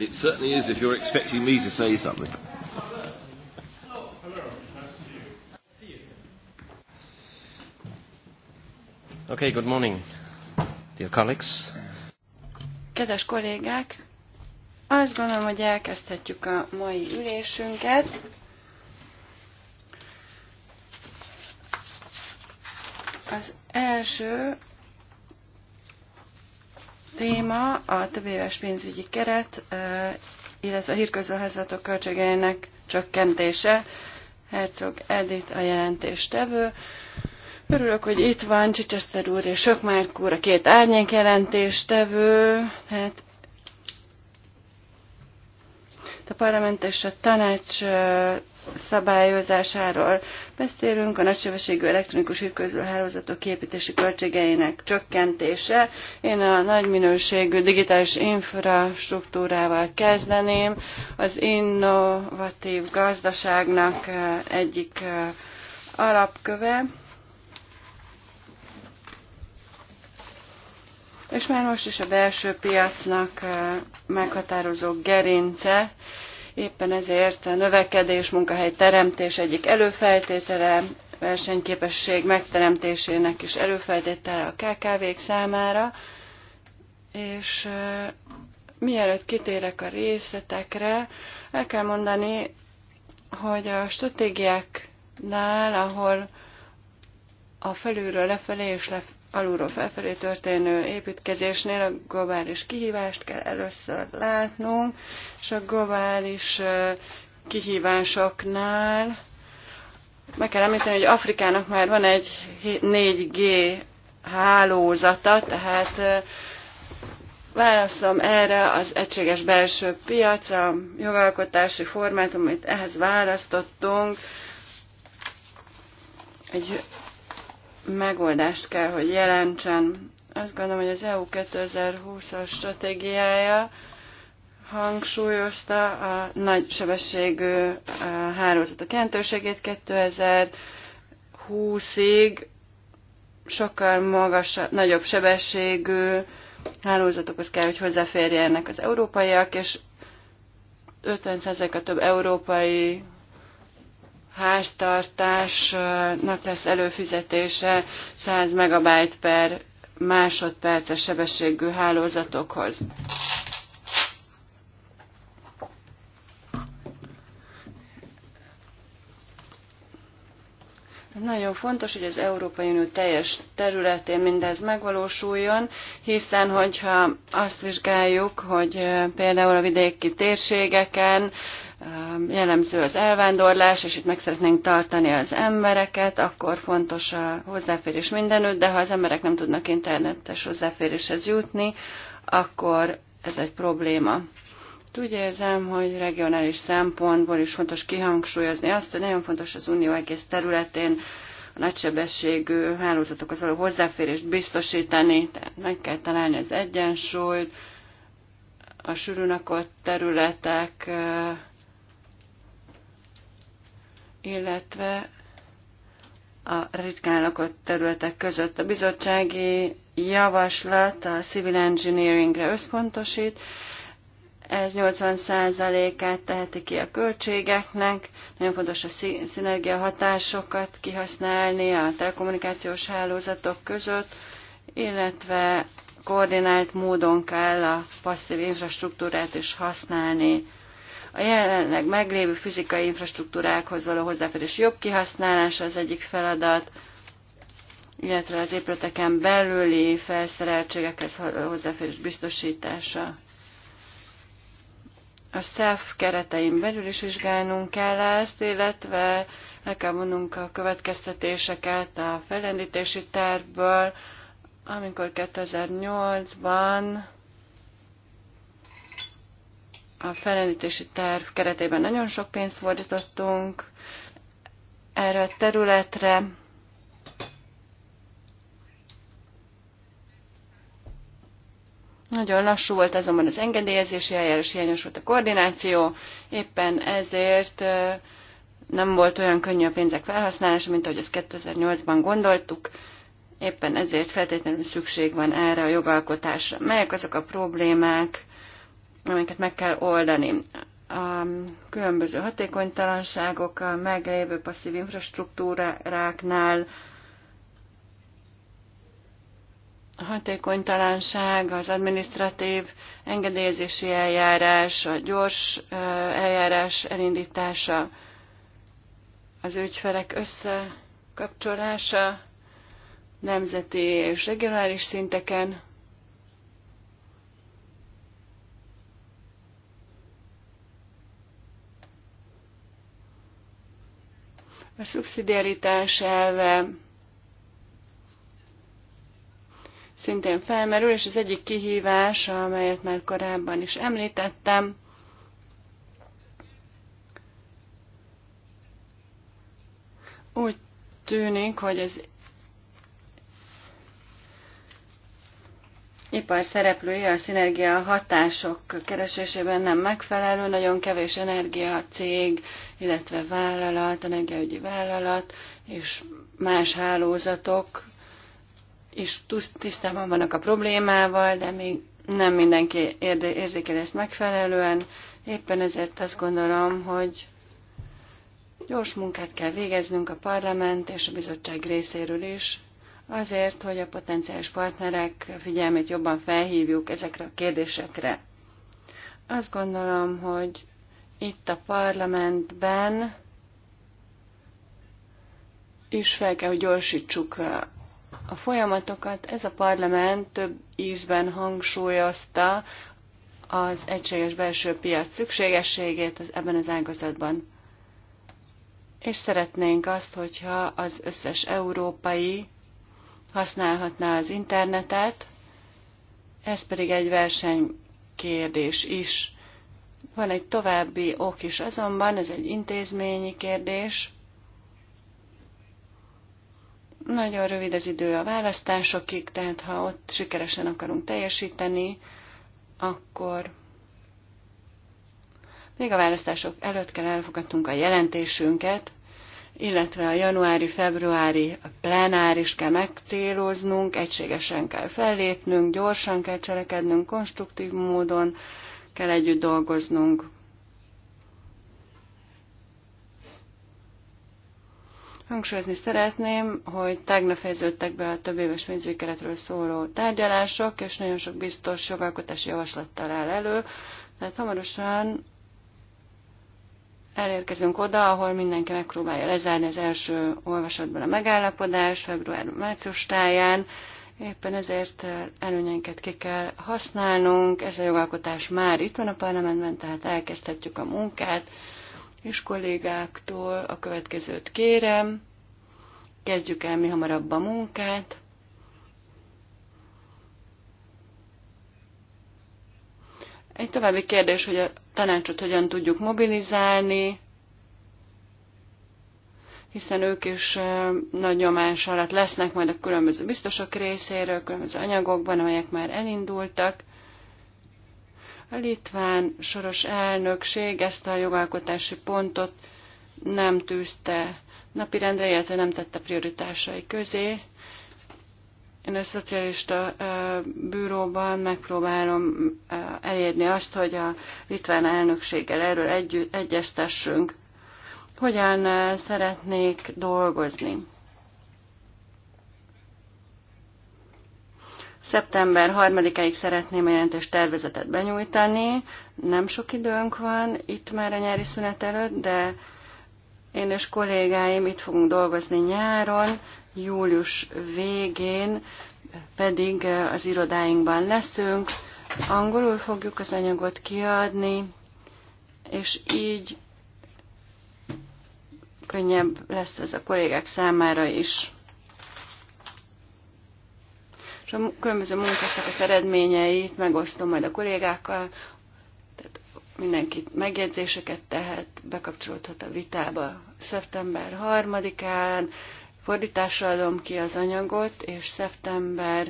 It certainly is if you're expecting me to say something. Okay, good morning, dear colleagues. Kedves kollégák, azt gondolom, hogy elkezdhetjük a mai ülésünket. Az első téma a több éves pénzügyi keret, illetve a hírközölházlatok költségeinek csökkentése. Herzog Edith a jelentéstevő. Örülök, hogy itt van Csicseszter úr és Sökmárk úr, a két árnyék jelentéstevő. Hát a parlament és a tanács szabályozásáról beszélünk, a nagysebességű elektronikus hálózatok képítési költségeinek csökkentése. Én a nagy minőségű digitális infrastruktúrával kezdeném. Az innovatív gazdaságnak eh, egyik eh, alapköve. És már most is a belső piacnak eh, meghatározó gerince, Éppen ezért a növekedés, munkahely teremtés egyik előfeltétele, versenyképesség megteremtésének is előfeltétele a KKV-k számára, és mielőtt kitérek a részletekre, el kell mondani, hogy a stratégiáknál, ahol a felülről lefelé és alulról felfelé történő építkezésnél a globális kihívást kell először látnunk, és a globális kihívásoknál meg kell említeni, hogy Afrikának már van egy 4G hálózata, tehát válaszom erre az egységes belső piac, a jogalkotási formát, amit ehhez választottunk, egy megoldást kell, hogy jelentsen. Azt gondolom, hogy az EU 2020-as stratégiája hangsúlyozta a nagy sebességű hálózatok jelentőségét 2020-ig sokkal magasabb, nagyobb sebességű hálózatokhoz kell, hogy hozzáférjenek az európaiak, és 50%-a több európai háztartásnak lesz előfizetése 100 megabájt per másodperces sebességű hálózatokhoz. Nagyon fontos, hogy az Európai Unió teljes területén mindez megvalósuljon, hiszen hogyha azt vizsgáljuk, hogy eh, például a vidéki térségeken jellemző az elvándorlás, és itt meg szeretnénk tartani az embereket, akkor fontos a hozzáférés mindenütt, de ha az emberek nem tudnak internetes hozzáféréshez jutni, akkor ez egy probléma. Úgy érzem, hogy regionális szempontból is fontos kihangsúlyozni azt, hogy nagyon fontos az unió egész területén a nagysebességű hálózatokhoz való hozzáférést biztosítani, tehát meg kell találni az egyensúlyt, a sűrűnakott területek illetve a ritkán lakott területek között. A bizottsági javaslat a civil engineeringre összpontosít, ez 80%-át teheti ki a költségeknek, nagyon fontos a szinergia hatásokat kihasználni a telekommunikációs hálózatok között, illetve koordinált módon kell a passzív infrastruktúrát is használni. A jelenleg meglévő fizikai infrastruktúrákhoz való hozzáférés jobb kihasználása az egyik feladat, illetve az épületeken belüli felszereltségekhez hozzáférés biztosítása. A SZEF keretein belül is vizsgálnunk kell ezt, illetve le kell vonnunk a következtetéseket a felrendítési tervből, amikor 2008-ban a felelítési terv keretében nagyon sok pénzt fordítottunk erre a területre. Nagyon lassú volt azonban az engedélyezési eljárás, hiányos volt a koordináció, éppen ezért nem volt olyan könnyű a pénzek felhasználása, mint ahogy ezt 2008-ban gondoltuk. Éppen ezért feltétlenül szükség van erre a jogalkotásra. Melyek azok a problémák, amiket meg kell oldani. A különböző hatékonytalanságok a meglévő passzív infrastruktúráknál, a hatékonytalanság, az administratív engedélyezési eljárás, a gyors eljárás elindítása, az ügyfelek összekapcsolása nemzeti és regionális szinteken, a szubszidiaritás elve szintén felmerül, és az egyik kihívás, amelyet már korábban is említettem, úgy tűnik, hogy az ipar szereplői a szinergia hatások keresésében nem megfelelő, nagyon kevés energia cég illetve vállalat, energiaügyi vállalat és más hálózatok is tisztában vannak a problémával, de még nem mindenki érzékel ezt megfelelően. Éppen ezért azt gondolom, hogy gyors munkát kell végeznünk a parlament és a bizottság részéről is, azért, hogy a potenciális partnerek figyelmét jobban felhívjuk ezekre a kérdésekre. Azt gondolom, hogy itt a parlamentben is fel kell, hogy gyorsítsuk uh, a folyamatokat. Ez a parlament több ízben hangsúlyozta az egységes belső piac szükségességét ebben az ágazatban. És szeretnénk azt, hogyha az összes európai használhatná az internetet, ez pedig egy versenykérdés is. Van egy további ok is azonban, ez egy intézményi kérdés. Nagyon rövid az idő a választásokig, tehát ha ott sikeresen akarunk teljesíteni, akkor még a választások előtt kell elfogadnunk a jelentésünket, illetve a januári-februári plenáris kell megcéloznunk, egységesen kell fellépnünk, gyorsan kell cselekednünk, konstruktív módon, kell együtt dolgoznunk. Hangsúlyozni szeretném, hogy tegnap fejeződtek be a több éves pénzügykeretről szóló tárgyalások, és nagyon sok biztos jogalkotási javaslattal áll elő, tehát hamarosan elérkezünk oda, ahol mindenki megpróbálja lezárni az első olvasatban a megállapodás február-március táján, Éppen ezért eh, előnyeinket ki kell használnunk, ez a jogalkotás már itt van a parlamentben, tehát elkezdhetjük a munkát, és kollégáktól a következőt kérem, kezdjük el mi hamarabb a munkát. Egy további kérdés, hogy a tanácsot hogyan tudjuk mobilizálni, hiszen ők is nagy nyomás alatt lesznek majd a különböző biztosok részéről, különböző anyagokban, amelyek már elindultak. A litván soros elnökség ezt a jogalkotási pontot nem tűzte napirendre, illetve nem tette prioritásai közé. Én a szocialista bűróban megpróbálom elérni azt, hogy a litván elnökséggel erről egy- egyeztessünk hogyan eh, szeretnék dolgozni. Szeptember 3-ig szeretném a jelentés tervezetet benyújtani. Nem sok időnk van itt már a nyári szünet előtt, de én és kollégáim itt fogunk dolgozni nyáron, július végén pedig eh, az irodáinkban leszünk. Angolul fogjuk az anyagot kiadni, és így könnyebb lesz ez a kollégák számára is. És a különböző az eredményeit megosztom majd a kollégákkal, tehát mindenki megjegyzéseket tehet, bekapcsolódhat a vitába szeptember 3-án, fordításra adom ki az anyagot, és szeptember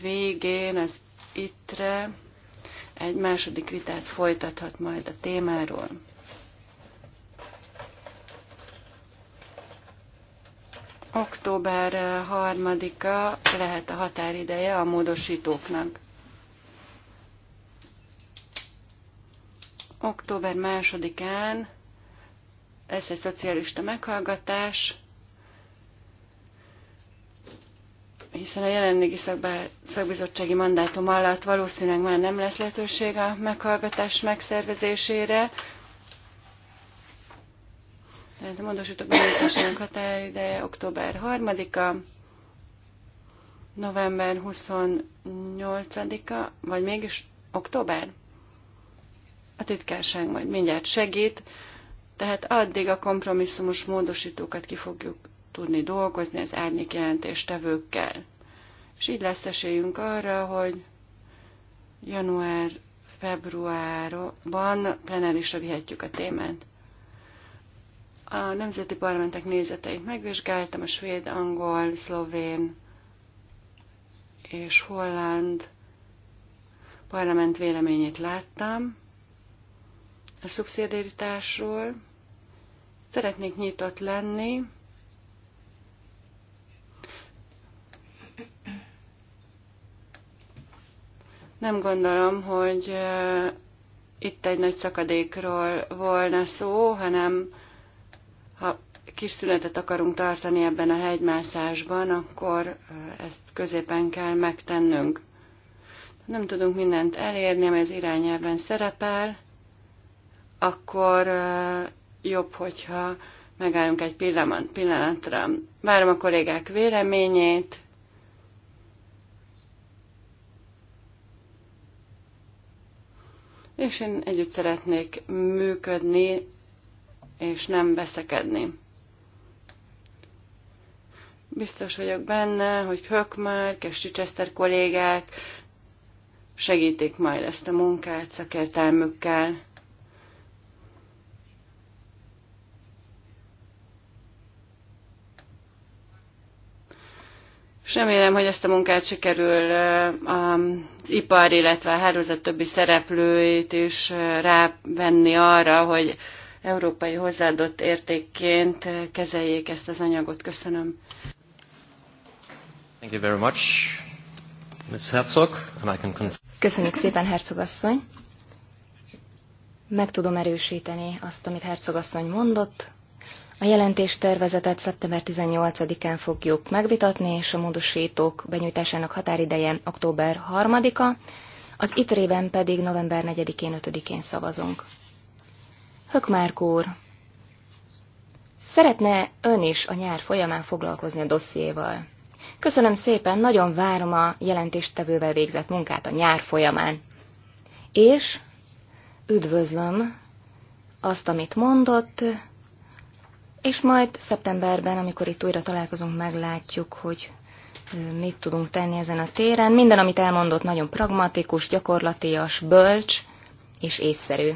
végén az ittre egy második vitát folytathat majd a témáról. Október 3-a eh, lehet a határideje a módosítóknak. Október 2-án lesz egy szocialista meghallgatás, hiszen a jelenlegi szakbizottsági mandátum alatt valószínűleg már nem lesz lehetőség a meghallgatás megszervezésére. Tehát a módosítók benyújtásának határideje október 3-a, november 28-a, vagy mégis október? A titkárság majd mindjárt segít, tehát addig a kompromisszumos módosítókat ki fogjuk tudni dolgozni az árnyék jelentéstevőkkel. És így lesz esélyünk arra, hogy január-februárban plenárisra vihetjük a témát. A nemzeti parlamentek nézeteit megvizsgáltam, a svéd, angol, szlovén és holland parlament véleményét láttam a szubszidiaritásról. Szeretnék nyitott lenni, Nem gondolom, hogy itt egy nagy szakadékról volna szó, hanem kis szünetet akarunk tartani ebben a hegymászásban, akkor ezt középen kell megtennünk. Nem tudunk mindent elérni, ami az irányelven szerepel, akkor jobb, hogyha megállunk egy pillanat, pillanatra. Várom a kollégák véleményét. És én együtt szeretnék működni, és nem veszekedni. Biztos vagyok benne, hogy Hökmark és Chichester kollégák segítik majd ezt a munkát szakértelmükkel. És remélem, hogy ezt a munkát sikerül az ipar, illetve a hálózat többi szereplőit is rávenni arra, hogy európai hozzáadott értékként kezeljék ezt az anyagot. Köszönöm. Thank you very much, Ms. Herzog, and I can Köszönjük szépen, Hercogasszony. Meg tudom erősíteni azt, amit Hercogasszony mondott. A tervezetet szeptember 18-án fogjuk megvitatni, és a módosítók benyújtásának határideje október 3-a, az ITRE-ben pedig november 4-én, 5-én szavazunk. Hökmárk úr, szeretne ön is a nyár folyamán foglalkozni a dossziéval? Köszönöm szépen, nagyon várom a jelentéstevővel végzett munkát a nyár folyamán. És üdvözlöm azt, amit mondott, és majd szeptemberben, amikor itt újra találkozunk, meglátjuk, hogy mit tudunk tenni ezen a téren. Minden, amit elmondott, nagyon pragmatikus, gyakorlatias, bölcs és észszerű.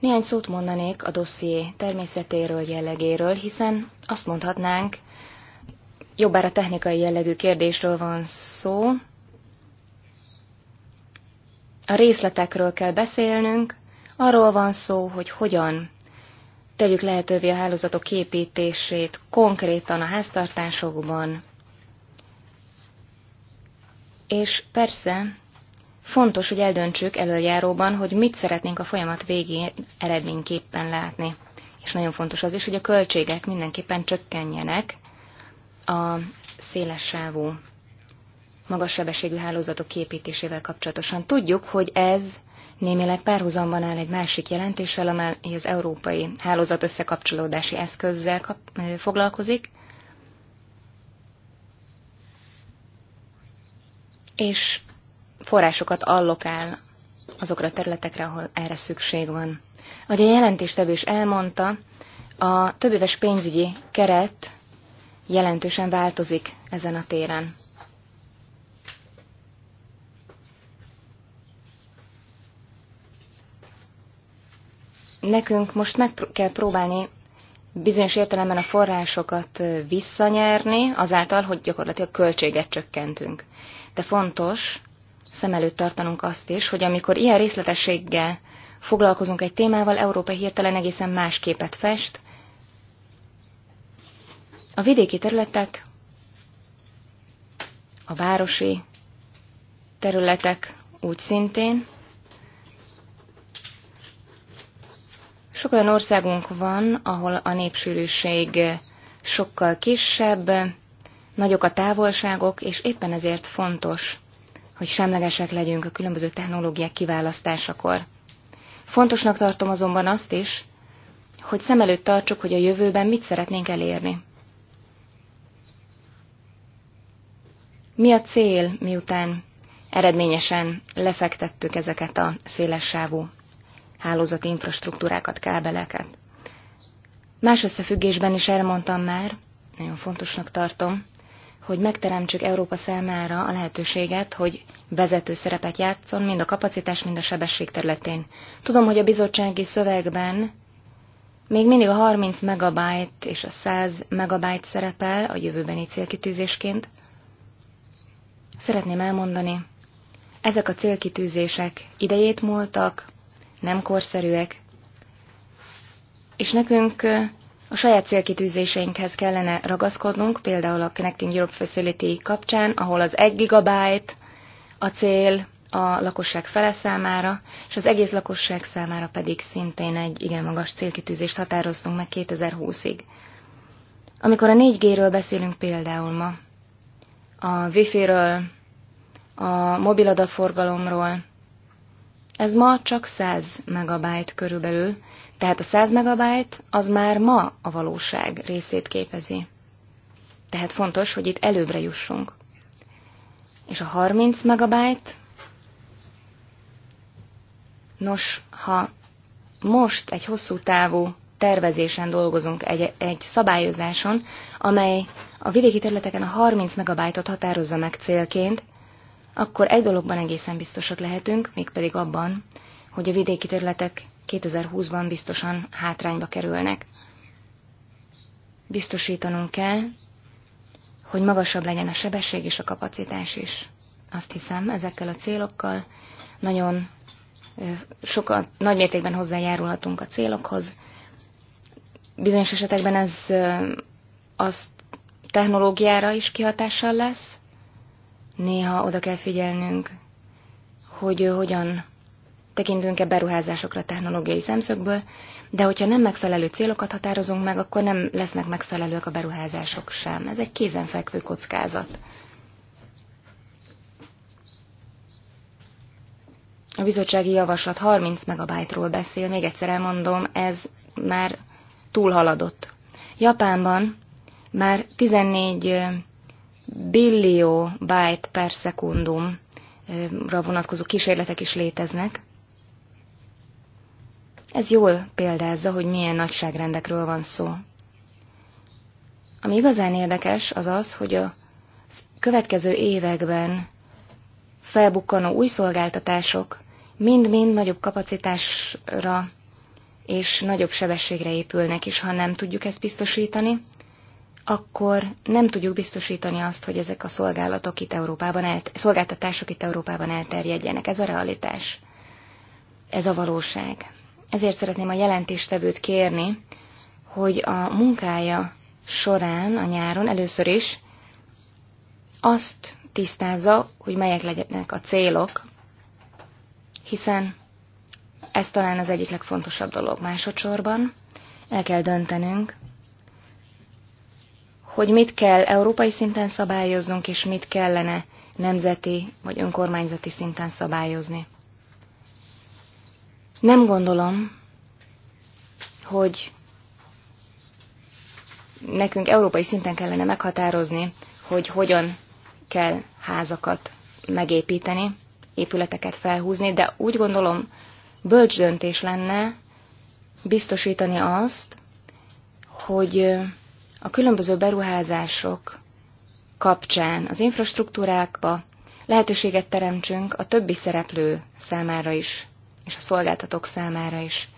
Néhány szót mondanék a dosszié természetéről, jellegéről, hiszen azt mondhatnánk, jobbára technikai jellegű kérdésről van szó. A részletekről kell beszélnünk, arról van szó, hogy hogyan tegyük lehetővé a hálózatok képítését konkrétan a háztartásokban. És persze fontos, hogy eldöntsük előjáróban, hogy mit szeretnénk a folyamat végén eredményképpen látni. És nagyon fontos az is, hogy a költségek mindenképpen csökkenjenek, a széles sávú hálózatok képítésével kapcsolatosan. Tudjuk, hogy ez némileg párhuzamban áll egy másik jelentéssel, amely az európai hálózat összekapcsolódási eszközzel kap, foglalkozik. És forrásokat allokál azokra a területekre, ahol erre szükség van. Ahogy a jelentéstevő is elmondta, a többéves pénzügyi keret jelentősen változik ezen a téren. Nekünk most meg kell próbálni bizonyos értelemben a forrásokat visszanyerni, azáltal, hogy gyakorlatilag költséget csökkentünk. De fontos szem előtt tartanunk azt is, hogy amikor ilyen részletességgel foglalkozunk egy témával, Európa hirtelen egészen más képet fest, a vidéki területek, a városi területek úgy szintén. Sok olyan országunk van, ahol a népsűrűség sokkal kisebb, nagyok a távolságok, és éppen ezért fontos, hogy semlegesek legyünk a különböző technológiák kiválasztásakor. Fontosnak tartom azonban azt is, hogy szem előtt tartsuk, hogy a jövőben mit szeretnénk elérni. Mi a cél, miután eredményesen lefektettük ezeket a szélessávú hálózati infrastruktúrákat, kábeleket? Más összefüggésben is elmondtam már, nagyon fontosnak tartom, hogy megteremtsük Európa számára a lehetőséget, hogy vezető szerepet játszon mind a kapacitás, mind a sebesség területén. Tudom, hogy a bizottsági szövegben még mindig a 30 megabyte és a 100 megabyte szerepel a jövőbeni célkitűzésként, Szeretném elmondani, ezek a célkitűzések idejét múltak, nem korszerűek, és nekünk a saját célkitűzéseinkhez kellene ragaszkodnunk, például a Connecting Europe Facility kapcsán, ahol az 1 gigabyte a cél a lakosság fele számára, és az egész lakosság számára pedig szintén egy igen magas célkitűzést határoztunk meg 2020-ig. Amikor a 4G-ről beszélünk például ma, a wifi-ről, a mobiladatforgalomról. Ez ma csak 100 megabájt körülbelül, tehát a 100 megabájt az már ma a valóság részét képezi. Tehát fontos, hogy itt előbbre jussunk. És a 30 megabájt, nos, ha most egy hosszú távú tervezésen dolgozunk, egy, egy szabályozáson, amely a vidéki területeken a 30 megabájtot határozza meg célként, akkor egy dologban egészen biztosak lehetünk, mégpedig abban, hogy a vidéki területek 2020-ban biztosan hátrányba kerülnek. Biztosítanunk kell, hogy magasabb legyen a sebesség és a kapacitás is. Azt hiszem, ezekkel a célokkal nagyon sokat, nagy mértékben hozzájárulhatunk a célokhoz. Bizonyos esetekben ez azt technológiára is kihatással lesz. Néha oda kell figyelnünk, hogy hogyan tekintünk-e beruházásokra technológiai szemszögből, de hogyha nem megfelelő célokat határozunk meg, akkor nem lesznek megfelelőek a beruházások sem. Ez egy kézenfekvő kockázat. A bizottsági javaslat 30 megabájtról beszél, még egyszer elmondom, ez már túlhaladott. Japánban már 14 billió byte per szekundumra vonatkozó kísérletek is léteznek. Ez jól példázza, hogy milyen nagyságrendekről van szó. Ami igazán érdekes, az az, hogy a következő években felbukkanó új szolgáltatások mind-mind nagyobb kapacitásra és nagyobb sebességre épülnek, és ha nem tudjuk ezt biztosítani, akkor nem tudjuk biztosítani azt, hogy ezek a szolgálatok itt Európában el, szolgáltatások itt Európában elterjedjenek. Ez a realitás. Ez a valóság. Ezért szeretném a jelentéstevőt kérni, hogy a munkája során, a nyáron először is azt tisztázza, hogy melyek legyenek a célok, hiszen ez talán az egyik legfontosabb dolog másodszorban. El kell döntenünk, hogy mit kell európai szinten szabályoznunk, és mit kellene nemzeti vagy önkormányzati szinten szabályozni. Nem gondolom, hogy nekünk európai szinten kellene meghatározni, hogy hogyan kell házakat megépíteni, épületeket felhúzni, de úgy gondolom, bölcs döntés lenne biztosítani azt, hogy a különböző beruházások kapcsán az infrastruktúrákba lehetőséget teremtsünk a többi szereplő számára is, és a szolgáltatók számára is.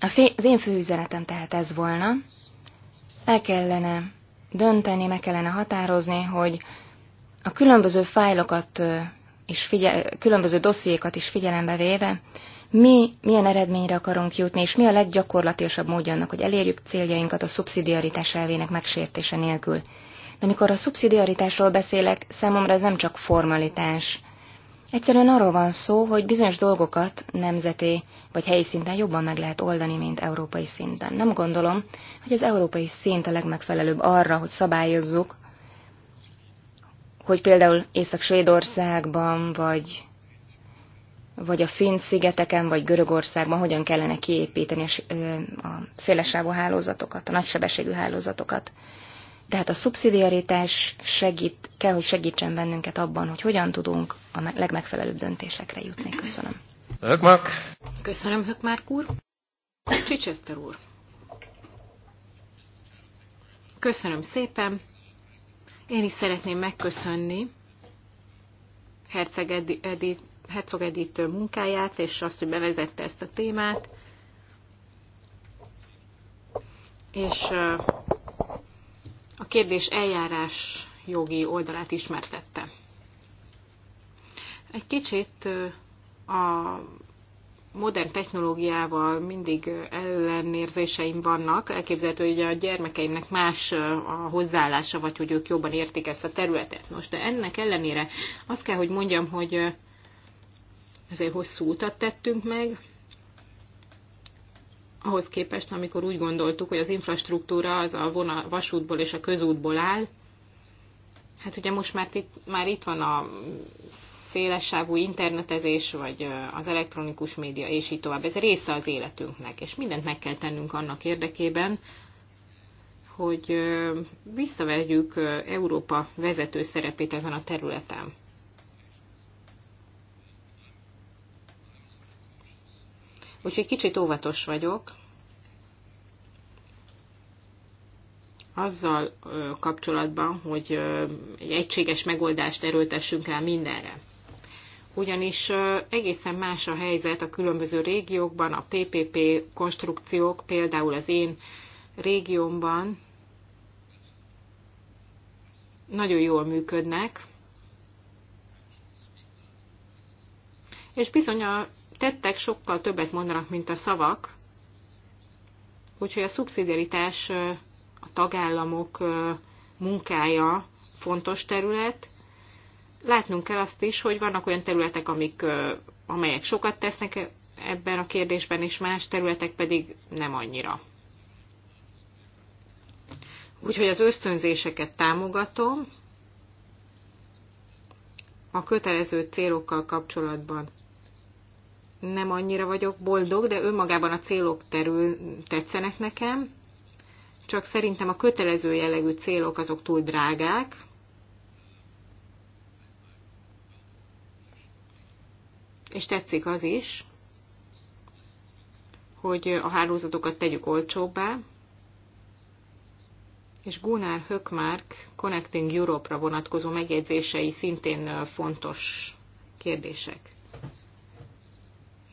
A fé- az én fő üzenetem tehát ez volna. El kellene dönteni, meg kellene határozni, hogy a különböző fájlokat és különböző dossziékat is figyelembe véve mi milyen eredményre akarunk jutni, és mi a leggyakorlatilasabb módja annak, hogy elérjük céljainkat a szubszidiaritás elvének megsértése nélkül. De amikor a szubszidiaritásról beszélek, számomra ez nem csak formalitás. Egyszerűen arról van szó, hogy bizonyos dolgokat nemzeti vagy helyi szinten jobban meg lehet oldani, mint európai szinten. Nem gondolom, hogy az európai szint a legmegfelelőbb arra, hogy szabályozzuk, hogy például Észak-Svédországban vagy vagy a Finn szigeteken, vagy Görögországban hogyan kellene kiépíteni a szélesávú hálózatokat, a nagysebességű hálózatokat. Tehát a szubszidiaritás segít, kell, hogy segítsen bennünket abban, hogy hogyan tudunk a legmegfelelőbb döntésekre jutni. Köszönöm. Hökmark. Köszönöm, Hökmark úr. Csicseszter úr. Köszönöm szépen. Én is szeretném megköszönni Herceg Edith Herzog Edith munkáját, és azt, hogy bevezette ezt a témát. És a kérdés eljárás jogi oldalát ismertette. Egy kicsit a modern technológiával mindig ellenérzéseim vannak. Elképzelhető, hogy a gyermekeimnek más a hozzáállása, vagy hogy ők jobban értik ezt a területet. Most, de ennek ellenére azt kell, hogy mondjam, hogy ezért hosszú utat tettünk meg, ahhoz képest, amikor úgy gondoltuk, hogy az infrastruktúra az a vonal, vasútból és a közútból áll. Hát ugye most már itt, már itt van a szélessávú internetezés, vagy az elektronikus média, és így tovább. Ez része az életünknek, és mindent meg kell tennünk annak érdekében, hogy visszavegyük Európa vezető szerepét ezen a területen. úgyhogy kicsit óvatos vagyok azzal kapcsolatban, hogy egy egységes megoldást erőltessünk rá mindenre. Ugyanis egészen más a helyzet a különböző régiókban, a PPP konstrukciók, például az én régiómban nagyon jól működnek, és bizony a tettek sokkal többet mondanak, mint a szavak, úgyhogy a szubszidiaritás a tagállamok munkája fontos terület. Látnunk kell azt is, hogy vannak olyan területek, amik, amelyek sokat tesznek e- ebben a kérdésben, és más területek pedig nem annyira. Úgyhogy az ösztönzéseket támogatom, a kötelező célokkal kapcsolatban nem annyira vagyok boldog, de önmagában a célok terül tetszenek nekem, csak szerintem a kötelező jellegű célok azok túl drágák, és tetszik az is, hogy a hálózatokat tegyük olcsóbbá, és Gunnar Höckmark Connecting Europe-ra vonatkozó megjegyzései szintén fontos kérdések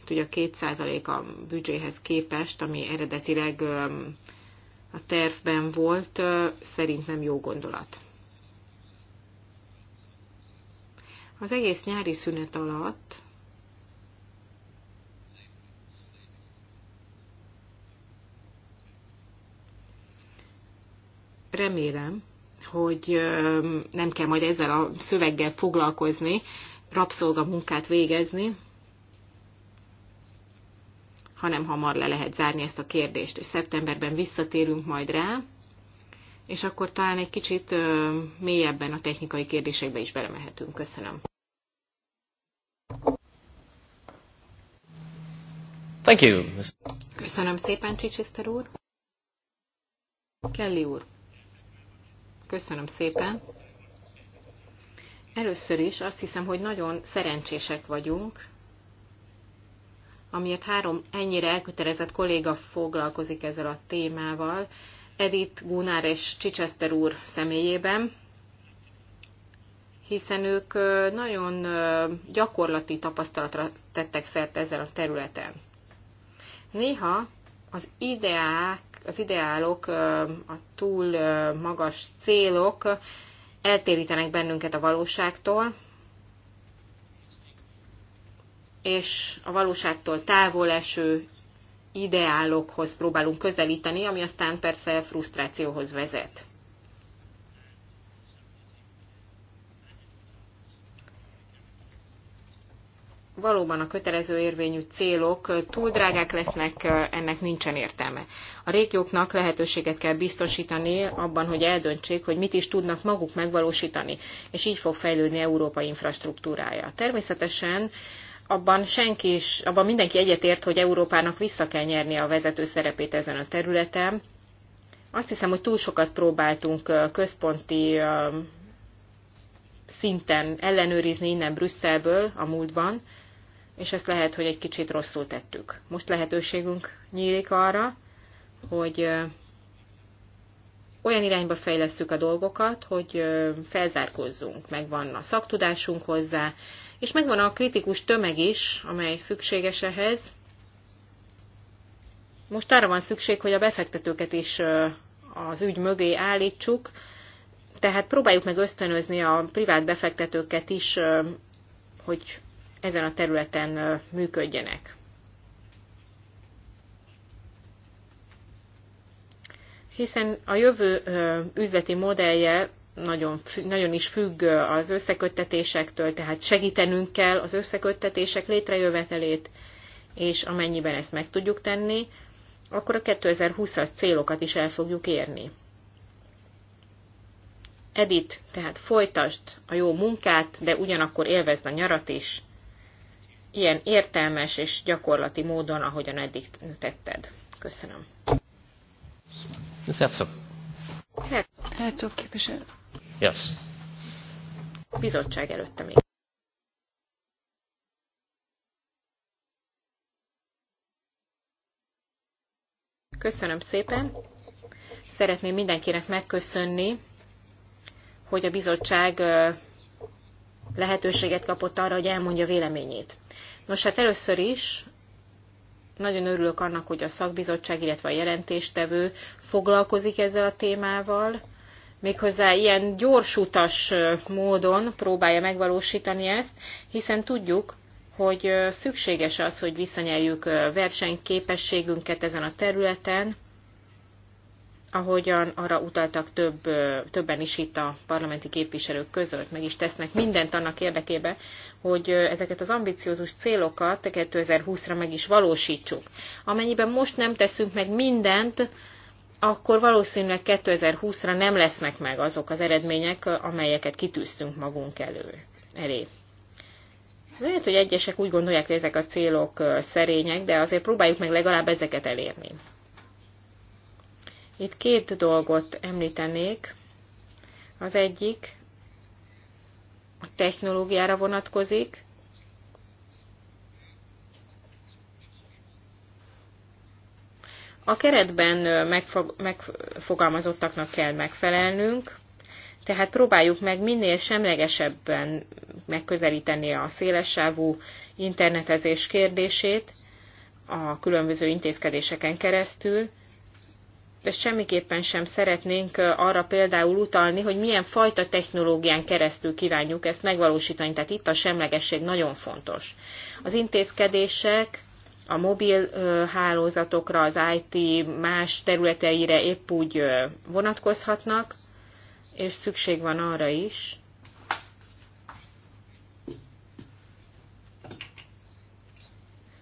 ugye a 2% a büdzséhez képest, ami eredetileg a tervben volt, szerint nem jó gondolat. Az egész nyári szünet alatt remélem, hogy nem kell majd ezzel a szöveggel foglalkozni, rabszolga munkát végezni, hanem hamar le lehet zárni ezt a kérdést, és szeptemberben visszatérünk majd rá, és akkor talán egy kicsit mélyebben a technikai kérdésekbe is belemehetünk. Köszönöm. Thank you. Köszönöm szépen, Csicsiszter úr. Kelly úr. Köszönöm szépen. Először is azt hiszem, hogy nagyon szerencsések vagyunk, amiért három ennyire elkötelezett kolléga foglalkozik ezzel a témával, Edith, Gunnar és Chichester úr személyében, hiszen ők nagyon gyakorlati tapasztalatra tettek szert ezen a területen. Néha az ideák, az ideálok, a túl magas célok eltérítenek bennünket a valóságtól, és a valóságtól távol eső ideálokhoz próbálunk közelíteni, ami aztán persze frusztrációhoz vezet. valóban a kötelező érvényű célok túl drágák lesznek, ennek nincsen értelme. A régióknak lehetőséget kell biztosítani abban, hogy eldöntsék, hogy mit is tudnak maguk megvalósítani, és így fog fejlődni Európa infrastruktúrája. Természetesen abban senki is, abban mindenki egyetért, hogy Európának vissza kell nyerni a vezető szerepét ezen a területen. Azt hiszem, hogy túl sokat próbáltunk központi szinten ellenőrizni innen Brüsszelből a múltban, és ezt lehet, hogy egy kicsit rosszul tettük. Most lehetőségünk nyílik arra, hogy olyan irányba fejlesztjük a dolgokat, hogy felzárkózzunk, megvan a szaktudásunk hozzá, és megvan a kritikus tömeg is, amely szükséges ehhez. Most arra van szükség, hogy a befektetőket is az ügy mögé állítsuk, tehát próbáljuk meg ösztönözni a privát befektetőket is, hogy ezen a területen működjenek. Hiszen a jövő üzleti modellje nagyon, nagyon is függ az összeköttetésektől, tehát segítenünk kell az összeköttetések létrejövetelét, és amennyiben ezt meg tudjuk tenni, akkor a 2020-as célokat is el fogjuk érni. Edit, tehát folytasd a jó munkát, de ugyanakkor élvezd a nyarat is, ilyen értelmes és gyakorlati módon, ahogyan eddig tetted. Köszönöm. Herzog. Herzog képviselő. Yes. Bizottság előtte még. Köszönöm szépen. Szeretném mindenkinek megköszönni, hogy a bizottság lehetőséget kapott arra, hogy elmondja véleményét. Nos, hát először is nagyon örülök annak, hogy a szakbizottság, illetve a jelentéstevő foglalkozik ezzel a témával méghozzá ilyen gyorsutas módon próbálja megvalósítani ezt, hiszen tudjuk, hogy szükséges az, hogy visszanyerjük versenyképességünket ezen a területen, ahogyan arra utaltak több, többen is itt a parlamenti képviselők között, meg is tesznek mindent annak érdekében, hogy ezeket az ambiciózus célokat 2020-ra meg is valósítsuk. Amennyiben most nem teszünk meg mindent, akkor valószínűleg 2020-ra nem lesznek meg azok az eredmények, amelyeket kitűztünk magunk elő, elé. Lehet, hogy egyesek úgy gondolják, hogy ezek a célok szerények, de azért próbáljuk meg legalább ezeket elérni. Itt két dolgot említenék. Az egyik a technológiára vonatkozik, A keretben megfog, megfogalmazottaknak kell megfelelnünk, tehát próbáljuk meg minél semlegesebben megközelíteni a szélessávú internetezés kérdését a különböző intézkedéseken keresztül, de semmiképpen sem szeretnénk arra például utalni, hogy milyen fajta technológián keresztül kívánjuk ezt megvalósítani. Tehát itt a semlegesség nagyon fontos. Az intézkedések a mobil hálózatokra, az IT más területeire épp úgy vonatkozhatnak, és szükség van arra is,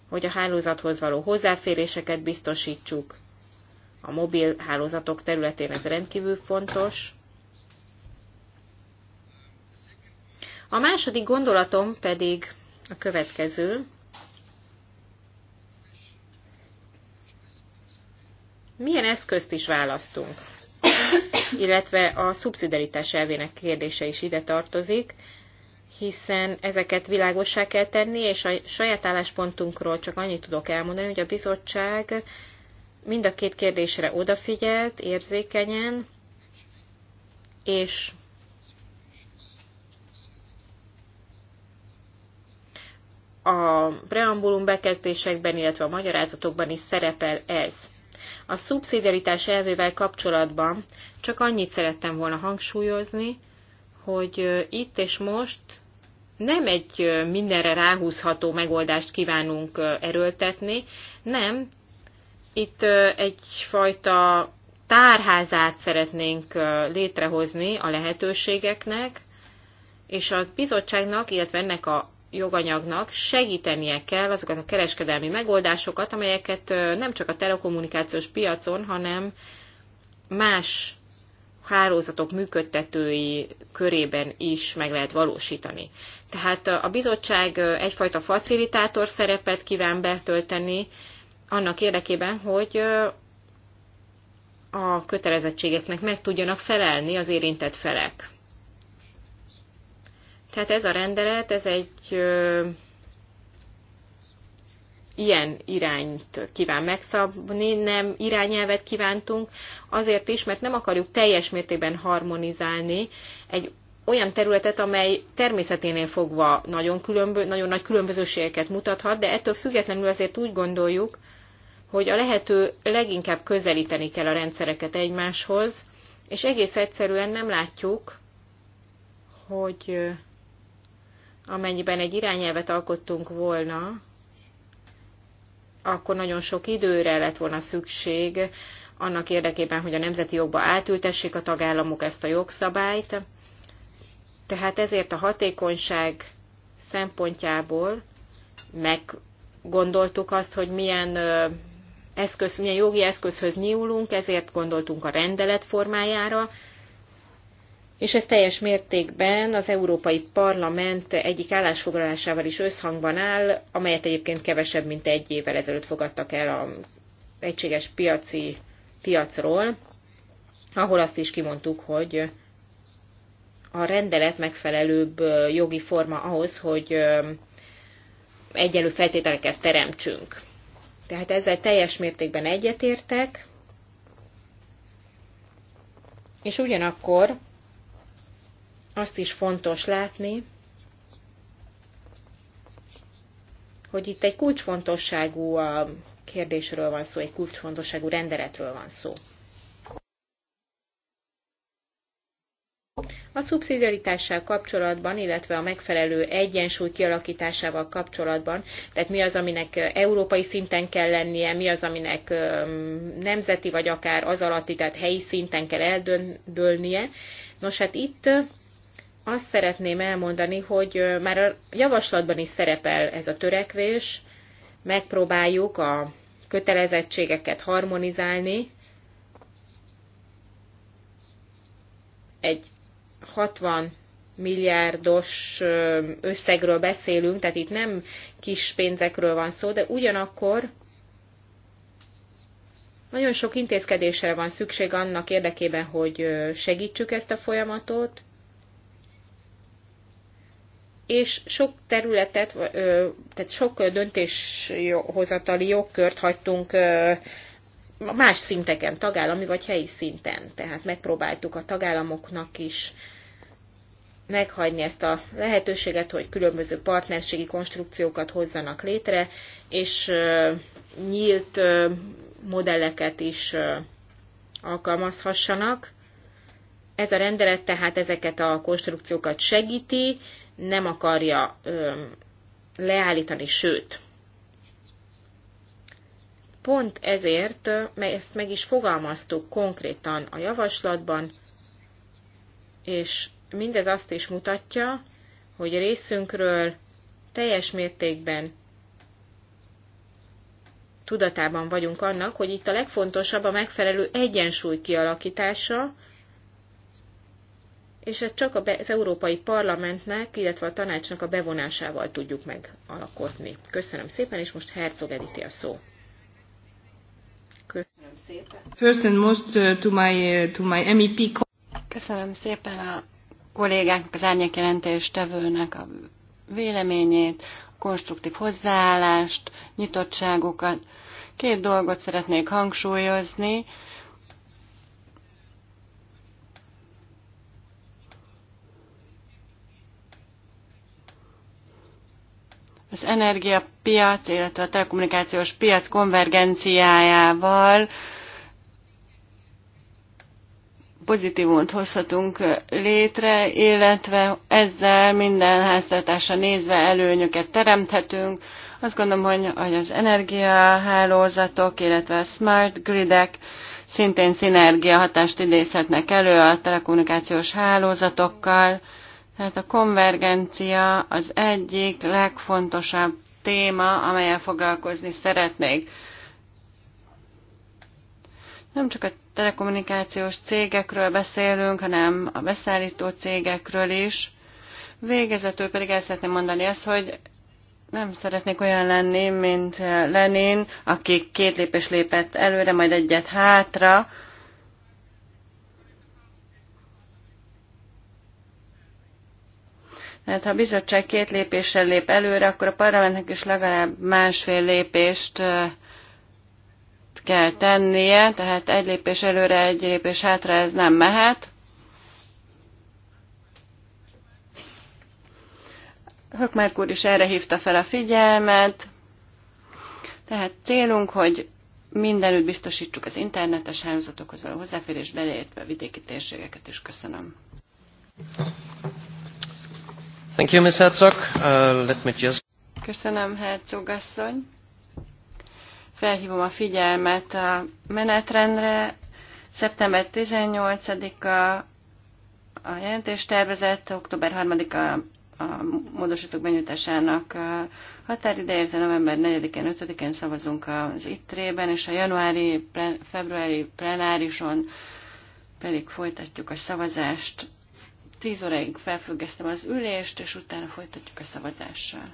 hogy a hálózathoz való hozzáféréseket biztosítsuk. A mobil hálózatok területén ez rendkívül fontos. A második gondolatom pedig a következő. milyen eszközt is választunk. Illetve a szubszidaritás elvének kérdése is ide tartozik, hiszen ezeket világossá kell tenni, és a saját álláspontunkról csak annyit tudok elmondani, hogy a bizottság mind a két kérdésre odafigyelt, érzékenyen, és a preambulum bekezdésekben, illetve a magyarázatokban is szerepel ez. A szubszidiaritás elvével kapcsolatban csak annyit szerettem volna hangsúlyozni, hogy itt és most nem egy mindenre ráhúzható megoldást kívánunk erőltetni, nem, itt egyfajta tárházát szeretnénk létrehozni a lehetőségeknek, és a bizottságnak, illetve ennek a joganyagnak segítenie kell azokat a kereskedelmi megoldásokat, amelyeket nem csak a telekommunikációs piacon, hanem más hálózatok működtetői körében is meg lehet valósítani. Tehát a bizottság egyfajta facilitátor szerepet kíván betölteni annak érdekében, hogy a kötelezettségeknek meg tudjanak felelni az érintett felek. Tehát ez a rendelet, ez egy ö, ilyen irányt kíván megszabni, nem irányelvet kívántunk, azért is, mert nem akarjuk teljes mértékben harmonizálni egy olyan területet, amely természeténél fogva nagyon, különbö- nagyon nagy különbözőségeket mutathat, de ettől függetlenül azért úgy gondoljuk, hogy a lehető leginkább közelíteni kell a rendszereket egymáshoz, és egész egyszerűen nem látjuk, hogy amennyiben egy irányelvet alkottunk volna, akkor nagyon sok időre lett volna szükség annak érdekében, hogy a nemzeti jogba átültessék a tagállamok ezt a jogszabályt. Tehát ezért a hatékonyság szempontjából meggondoltuk azt, hogy milyen eszköz, milyen jogi eszközhöz nyúlunk, ezért gondoltunk a rendelet formájára, és ez teljes mértékben az Európai Parlament egyik állásfoglalásával is összhangban áll, amelyet egyébként kevesebb, mint egy évvel ezelőtt fogadtak el a egységes piaci piacról, ahol azt is kimondtuk, hogy a rendelet megfelelőbb jogi forma ahhoz, hogy egyenlő feltételeket teremtsünk. Tehát ezzel teljes mértékben egyetértek, és ugyanakkor azt is fontos látni, hogy itt egy kulcsfontosságú kérdésről van szó, egy kulcsfontosságú rendeletről van szó. A szubszidiaritással kapcsolatban, illetve a megfelelő egyensúly kialakításával kapcsolatban, tehát mi az, aminek európai szinten kell lennie, mi az, aminek nemzeti vagy akár az alatti, tehát helyi szinten kell eldőlnie. Nos, hát itt azt szeretném elmondani, hogy már a javaslatban is szerepel ez a törekvés, megpróbáljuk a kötelezettségeket harmonizálni, egy 60 milliárdos összegről beszélünk, tehát itt nem kis pénzekről van szó, de ugyanakkor nagyon sok intézkedésre van szükség annak érdekében, hogy segítsük ezt a folyamatot, és sok területet, tehát sok döntéshozatali jogkört hagytunk más szinteken, tagállami vagy helyi szinten. Tehát megpróbáltuk a tagállamoknak is meghagyni ezt a lehetőséget, hogy különböző partnerségi konstrukciókat hozzanak létre, és nyílt modelleket is alkalmazhassanak. Ez a rendelet tehát ezeket a konstrukciókat segíti, nem akarja leállítani, sőt, pont ezért, mert ezt meg is fogalmaztuk konkrétan a javaslatban, és mindez azt is mutatja, hogy részünkről teljes mértékben tudatában vagyunk annak, hogy itt a legfontosabb a megfelelő egyensúly kialakítása, és ezt csak az Európai Parlamentnek, illetve a tanácsnak a bevonásával tudjuk megalkotni. Köszönöm szépen, és most Herzog Editi a szó. Köszönöm szépen. First and most uh, to my, uh, to my MEP. Köszönöm szépen a kollégáknak, az árnyékjelentés tevőnek a véleményét, a konstruktív hozzáállást, nyitottságokat. Két dolgot szeretnék hangsúlyozni. az energiapiac, illetve a telekommunikációs piac konvergenciájával pozitívumot hozhatunk létre, illetve ezzel minden háztartásra nézve előnyöket teremthetünk. Azt gondolom, hogy az energiahálózatok, illetve a smart gridek szintén szinergia hatást idézhetnek elő a telekommunikációs hálózatokkal, tehát a konvergencia az egyik legfontosabb téma, amelyel foglalkozni szeretnék. Nem csak a telekommunikációs cégekről beszélünk, hanem a beszállító cégekről is. Végezetül pedig el szeretném mondani ezt, hogy nem szeretnék olyan lenni, mint Lenin, aki két lépés lépett előre, majd egyet hátra, Mert hát, ha a bizottság két lépéssel lép előre, akkor a parlamentnek is legalább másfél lépést kell tennie, tehát egy lépés előre, egy lépés hátra ez nem mehet. Hökmárk úr is erre hívta fel a figyelmet. Tehát célunk, hogy mindenütt biztosítsuk az internetes hálózatokhoz való hozzáférés beleértve a vidéki térségeket is. Köszönöm. Thank you, Ms. Herzog. Uh, let me just... Köszönöm, Herzog asszony. Felhívom a figyelmet a menetrendre. Szeptember 18-a a jelentés tervezett, október 3-a a módosítók benyújtásának uh, határidejére, november 4-én, 5-én szavazunk az ITRE-ben, és a januári, februári plenárison pedig folytatjuk a szavazást tíz óráig felfüggesztem az ülést, és utána folytatjuk a szavazással.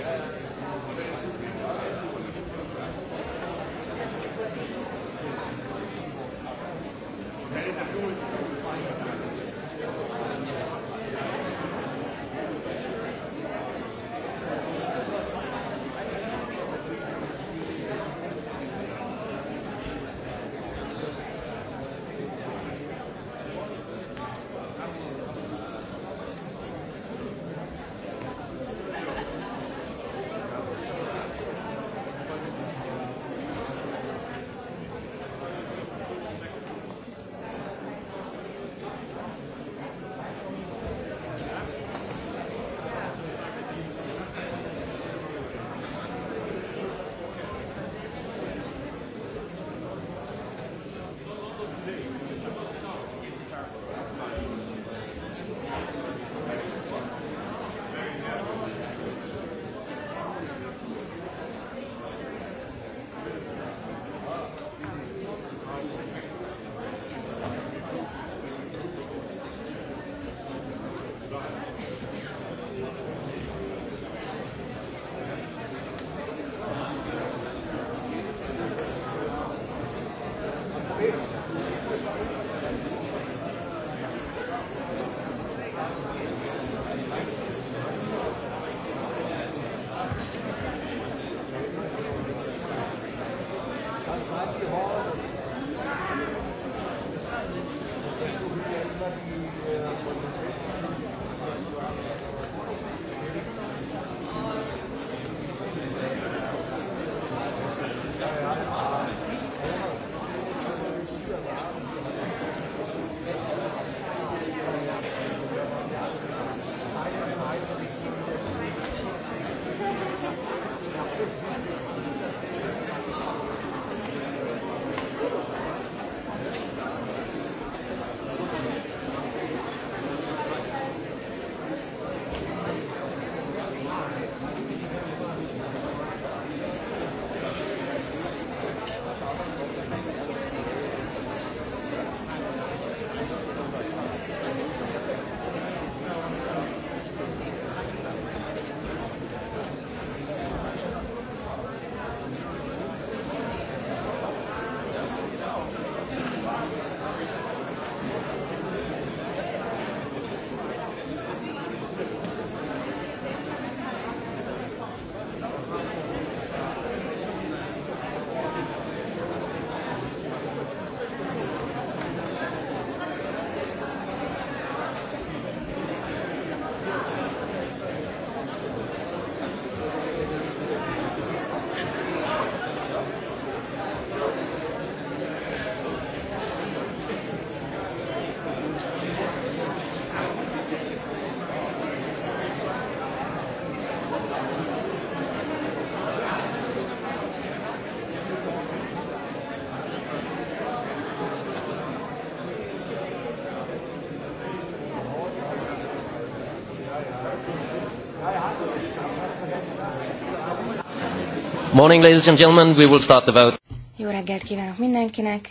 morning, ladies and gentlemen. We will start the vote. Jó reggelt kívánok mindenkinek.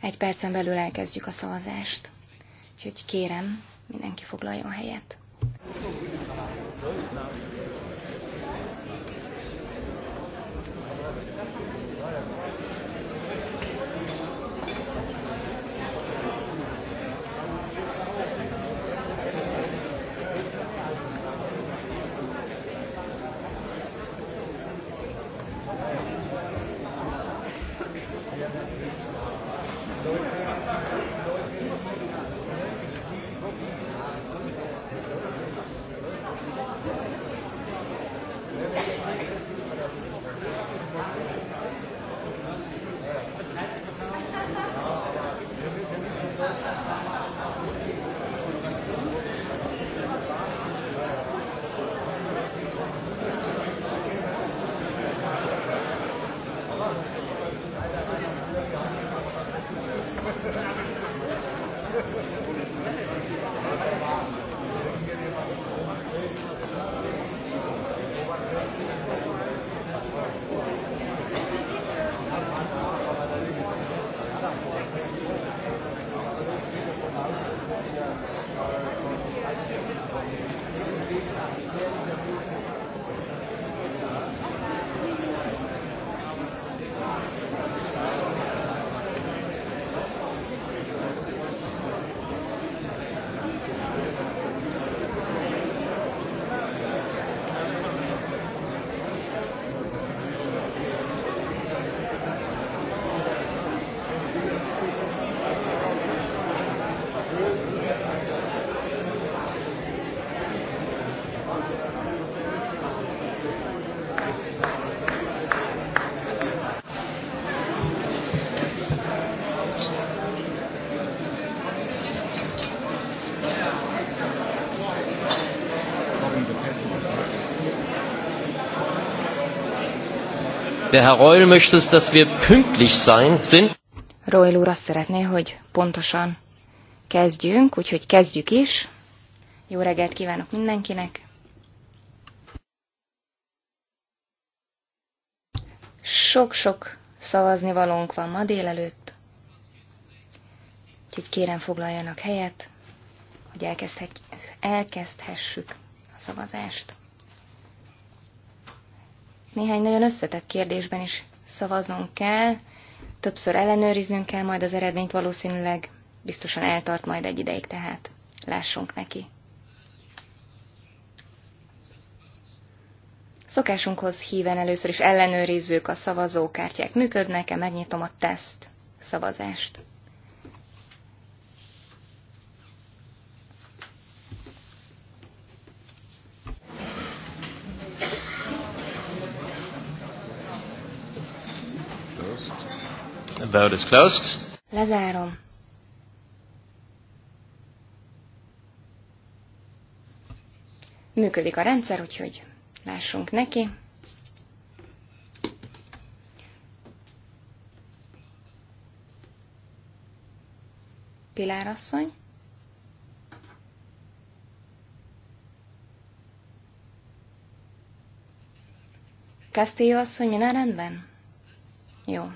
Egy percen belül elkezdjük a szavazást. Úgyhogy kérem, mindenki foglaljon helyet. De Herr Reul möchte, dass wir pünktlich sein, sind. Reul úr azt szeretné, hogy pontosan kezdjünk, úgyhogy kezdjük is. Jó reggelt kívánok mindenkinek! Sok-sok szavazni valónk van ma délelőtt, úgyhogy kérem foglaljanak helyet, hogy elkezdhessük a szavazást. Néhány nagyon összetett kérdésben is szavaznunk kell, többször ellenőriznünk kell, majd az eredményt valószínűleg biztosan eltart majd egy ideig, tehát lássunk neki. Szokásunkhoz híven először is ellenőrizzük, a szavazókártyák működnek-e, megnyitom a teszt szavazást. The vote is closed. Lezárom. Működik a rendszer, úgyhogy lássunk neki. Pilárasszony. asszony. Castillo asszony, minden rendben? Jó.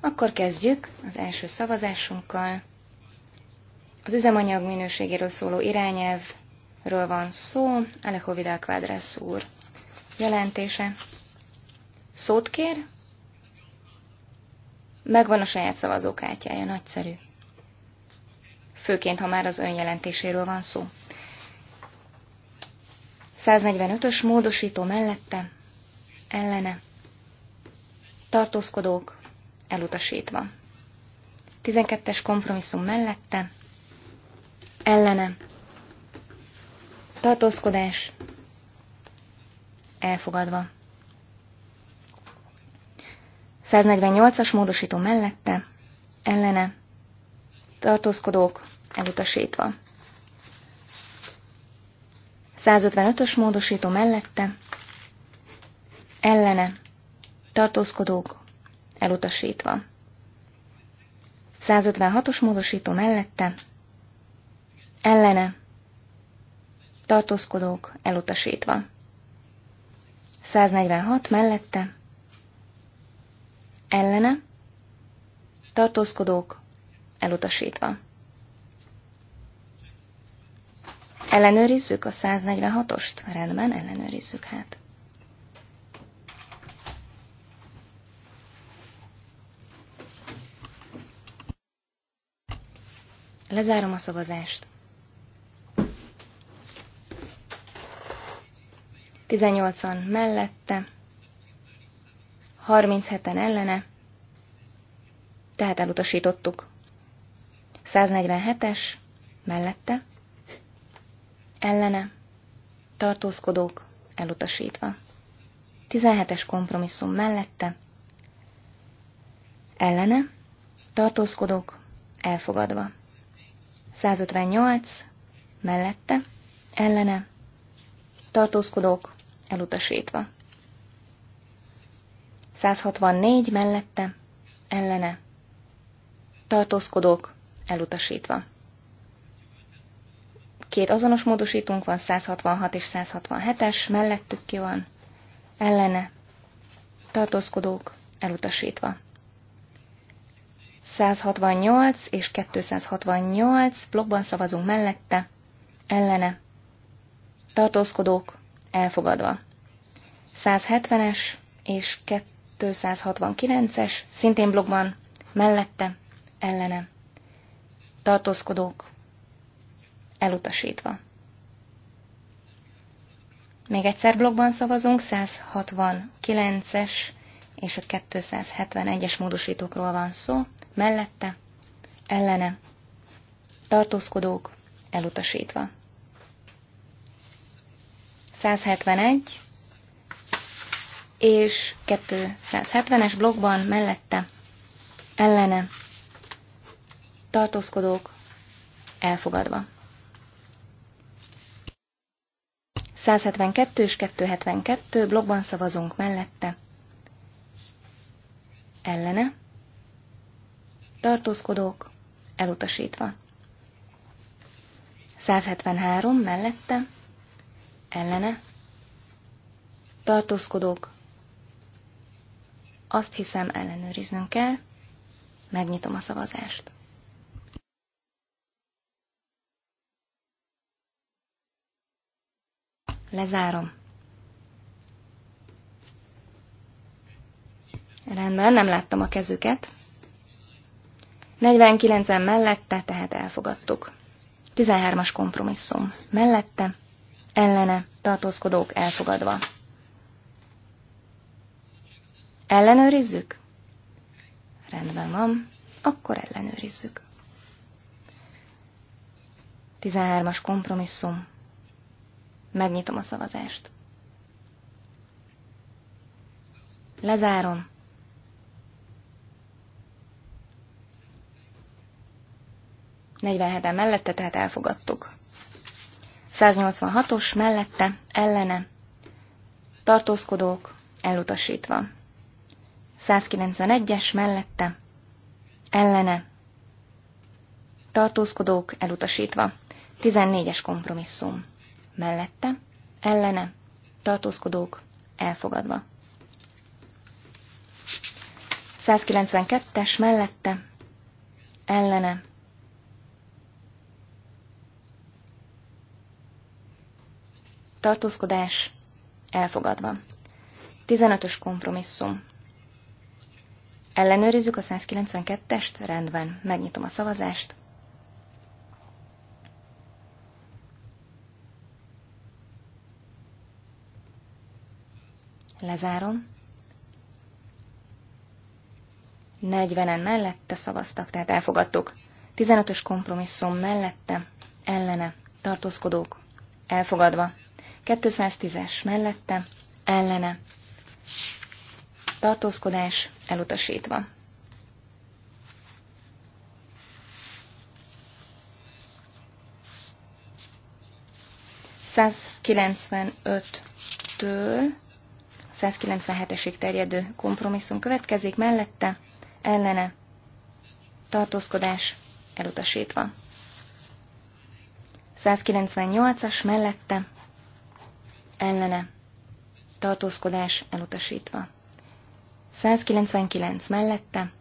Akkor kezdjük az első szavazásunkkal. Az üzemanyag minőségéről szóló irányelvről van szó. Alejo Vidal Quadrász úr jelentése. Szót kér? Megvan a saját szavazókártyája, nagyszerű. Főként, ha már az önjelentéséről van szó. 145-ös módosító mellette, ellene, tartózkodók elutasítva. 12-es kompromisszum mellette, ellene, tartózkodás elfogadva. 148-as módosító mellette, ellene, tartózkodók elutasítva. 155-ös módosító mellette, ellene, tartózkodók elutasítva. 156-os módosító mellette, ellene, tartózkodók elutasítva. 146 mellette, ellene, tartózkodók elutasítva. Ellenőrizzük a 146-ost? Rendben, ellenőrizzük hát. Lezárom a szavazást. 18-an mellette, 37-en ellene, tehát elutasítottuk. 147-es mellette, ellene, tartózkodók elutasítva. 17-es kompromisszum mellette, ellene, tartózkodók elfogadva. 158 mellette, ellene, tartózkodók elutasítva. 164 mellette, ellene, tartózkodók elutasítva. Két azonos módosítunk van, 166 és 167-es, mellettük ki van, ellene, tartózkodók elutasítva. 168 és 268 blokkban szavazunk mellette, ellene, tartózkodók, elfogadva. 170-es és 269-es szintén blokkban, mellette, ellene, tartózkodók, elutasítva. Még egyszer blokkban szavazunk, 169-es és a 271-es módosítókról van szó, mellette, ellene, tartózkodók, elutasítva. 171 és 270-es blokkban mellette, ellene, tartózkodók, elfogadva. 172 és 272 blokkban szavazunk mellette, ellene, tartózkodók, elutasítva. 173 mellette, ellene, tartózkodók, azt hiszem ellenőriznünk kell, megnyitom a szavazást. Lezárom. Rendben, nem láttam a kezüket. 49-en mellette, tehát elfogadtuk. 13-as kompromisszum. Mellette, ellene, tartózkodók elfogadva. Ellenőrizzük? Rendben van, akkor ellenőrizzük. 13-as kompromisszum. Megnyitom a szavazást. Lezárom. 47-en mellette, tehát elfogadtuk. 186-os mellette, ellene, tartózkodók, elutasítva. 191-es mellette, ellene, tartózkodók, elutasítva. 14-es kompromisszum, mellette, ellene, tartózkodók, elfogadva. 192-es mellette, ellene, tartózkodás elfogadva. 15-ös kompromisszum. Ellenőrizzük a 192-est, rendben, megnyitom a szavazást. Lezárom. 40-en mellette szavaztak, tehát elfogadtuk. 15-ös kompromisszum mellette, ellene, tartózkodók, elfogadva. 210-es mellette, ellene, tartózkodás elutasítva. ...195-től 197-esig terjedő kompromisszum következik, mellette, ellene, tartózkodás elutasítva. 198-as mellette, ellene, tartózkodás elutasítva. 199 mellette,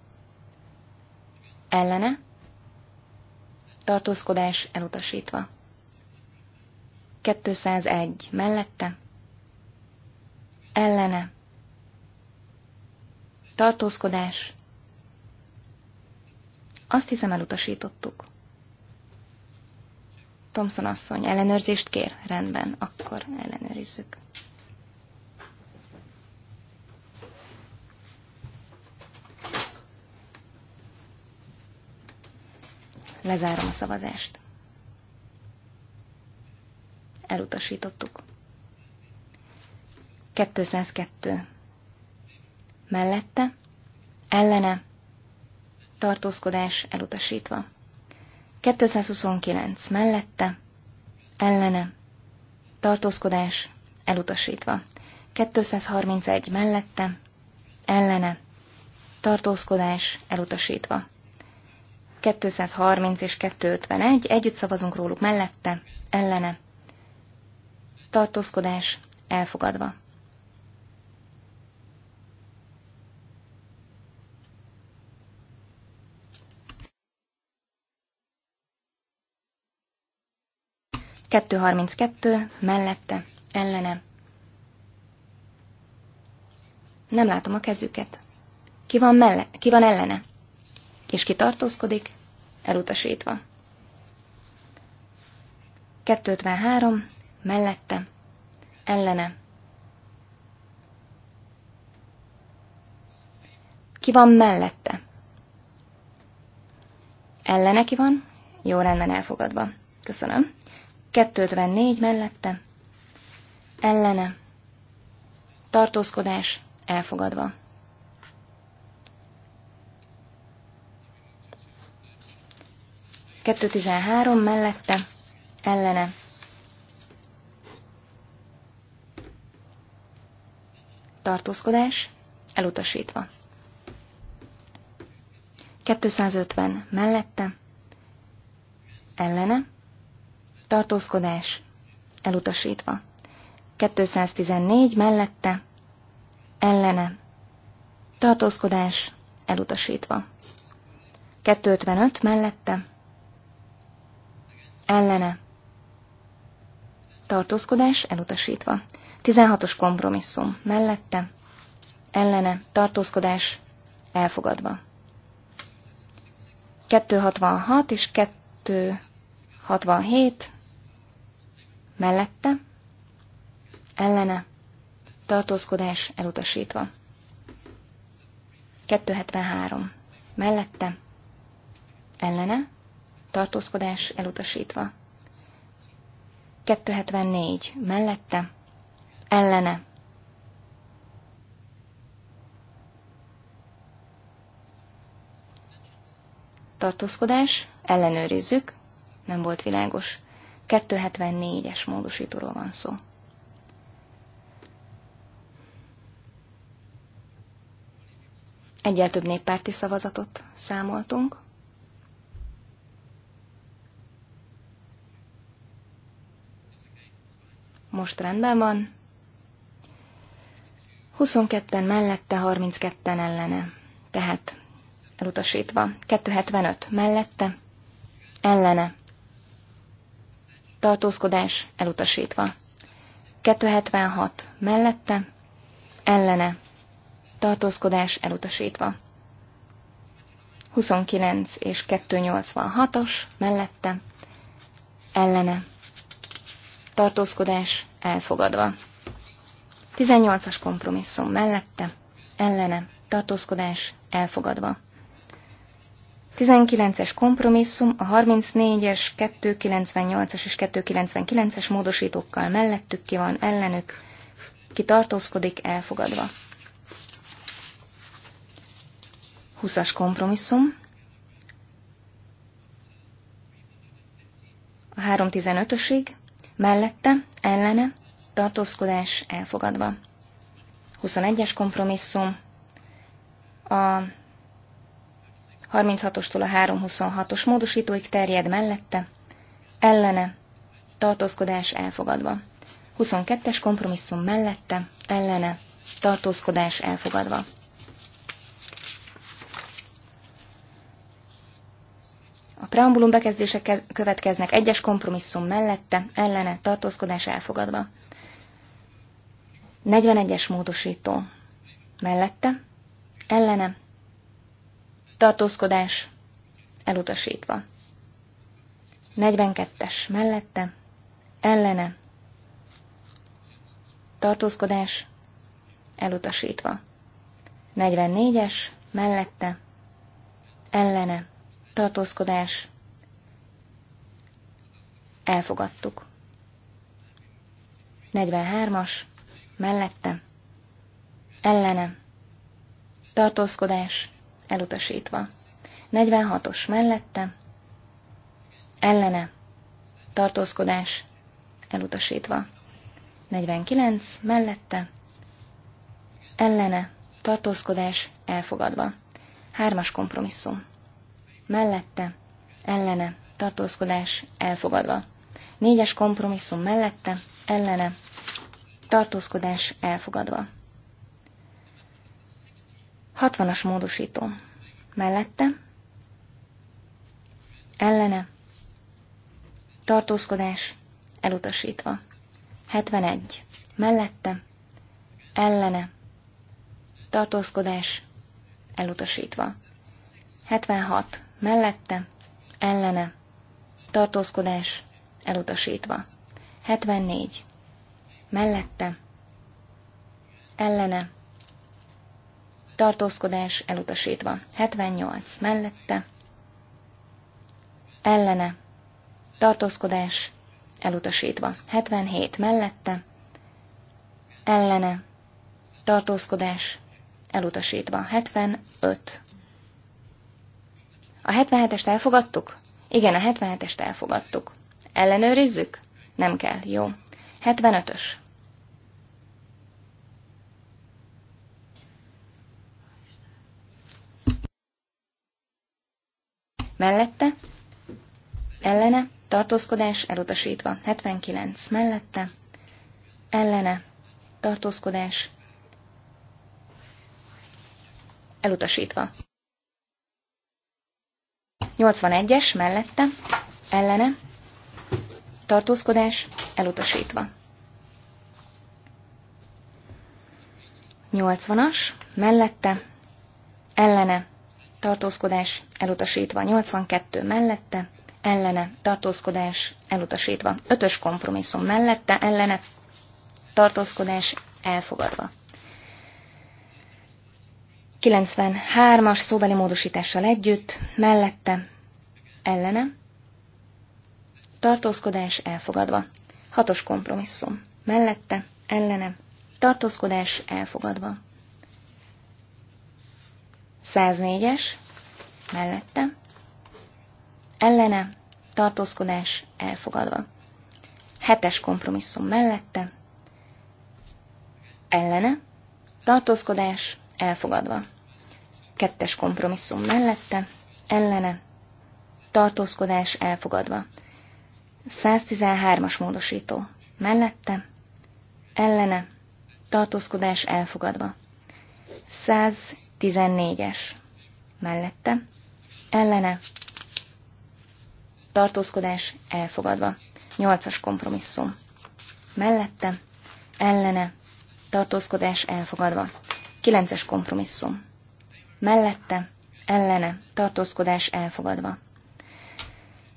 ellene, tartózkodás elutasítva. 201 mellette, ellene, tartózkodás, azt hiszem elutasítottuk. Thomson asszony ellenőrzést kér? Rendben, akkor ellenőrizzük. Lezárom a szavazást. Elutasítottuk. 202. Mellette, ellene, tartózkodás elutasítva. 229 mellette, ellene, tartózkodás, elutasítva. 231 mellette, ellene, tartózkodás, elutasítva. 230 és 251, együtt szavazunk róluk mellette, ellene, tartózkodás, elfogadva. 232 mellette, ellene. Nem látom a kezüket. Ki van, melle, ki van ellene? És ki tartózkodik? Elutasítva. 253 mellette, ellene. Ki van mellette? Ellene ki van? Jó rendben elfogadva. Köszönöm. 254 mellette, ellene, tartózkodás elfogadva. Kettő tizenhárom mellette, ellene. Tartózkodás elutasítva. 250 mellette, ellene tartózkodás elutasítva. 214 mellette, ellene, tartózkodás elutasítva. 255 mellette, ellene, tartózkodás elutasítva. 16-os kompromisszum mellette, ellene, tartózkodás elfogadva. 266 és 267 mellette, ellene, tartózkodás elutasítva. 273. Mellette, ellene, tartózkodás elutasítva. 274. Mellette, ellene. Tartózkodás, ellenőrizzük, nem volt világos. 274-es módosítóról van szó. Egyel több néppárti szavazatot számoltunk. Most rendben van. 22-en mellette, 32-en ellene. Tehát elutasítva. 275 mellette, ellene tartózkodás elutasítva. 276 mellette, ellene, tartózkodás elutasítva. 29 és 286-os mellette, ellene, tartózkodás elfogadva. 18-as kompromisszum mellette, ellene, tartózkodás elfogadva. 19-es kompromisszum a 34-es, 298-as és 299-es módosítókkal mellettük ki van ellenük, ki tartózkodik elfogadva. 20-as kompromisszum. A 315-ösig mellette, ellene, tartózkodás elfogadva. 21-es kompromisszum. A 36-ostól a 326-os módosítóig terjed mellette, ellene, tartózkodás elfogadva. 22-es kompromisszum mellette, ellene, tartózkodás elfogadva. A preambulum bekezdése következnek egyes kompromisszum mellette, ellene, tartózkodás elfogadva. 41-es módosító mellette, ellene, tartózkodás elutasítva. 42-es mellette, ellene, tartózkodás elutasítva. 44-es mellette, ellene, tartózkodás elfogadtuk. 43-as, mellette, ellene, tartózkodás, elutasítva. 46-os mellette, ellene, tartózkodás, elutasítva. 49 mellette, ellene, tartózkodás, elfogadva. Hármas kompromisszum. Mellette, ellene, tartózkodás, elfogadva. Négyes kompromisszum mellette, ellene, tartózkodás, elfogadva. 60-as módosító. Mellette. Ellene. Tartózkodás. Elutasítva. 71. Mellette. Ellene. Tartózkodás. Elutasítva. 76. Mellette. Ellene. Tartózkodás. Elutasítva. 74. Mellette. Ellene tartózkodás elutasítva. 78 mellette, ellene, tartózkodás elutasítva. 77 mellette, ellene, tartózkodás elutasítva. 75. A 77-est elfogadtuk? Igen, a 77-est elfogadtuk. Ellenőrizzük? Nem kell, jó. 75-ös. Mellette, ellene, tartózkodás elutasítva. 79 mellette, ellene, tartózkodás elutasítva. 81-es mellette, ellene, tartózkodás elutasítva. 80-as mellette, ellene, tartózkodás elutasítva, 82 mellette, ellene tartózkodás elutasítva, 5-ös kompromisszum mellette, ellene tartózkodás elfogadva. 93-as szóbeli módosítással együtt, mellette, ellene, tartózkodás elfogadva. 6-os kompromisszum, mellette, ellene, tartózkodás elfogadva. 104-es, mellette, ellene, tartózkodás elfogadva. 7-es kompromisszum mellette, ellene, tartózkodás elfogadva. 2-es kompromisszum mellette, ellene, tartózkodás elfogadva. 113-as módosító mellette, ellene, tartózkodás elfogadva. 14-es. Mellette. Ellene. Tartózkodás elfogadva. 8-as kompromisszum. Mellette. Ellene. Tartózkodás elfogadva. 9-es kompromisszum. Mellette. Ellene. Tartózkodás elfogadva.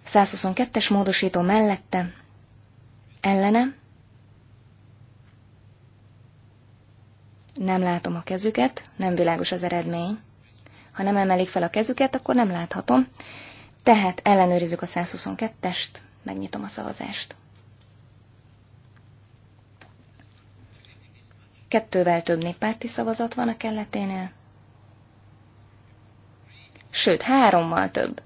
122-es módosító mellette. Ellene. Nem látom a kezüket, nem világos az eredmény. Ha nem emelik fel a kezüket, akkor nem láthatom. Tehát ellenőrizzük a 122-est, megnyitom a szavazást. Kettővel több néppárti szavazat van a kelleténél. Sőt, hárommal több.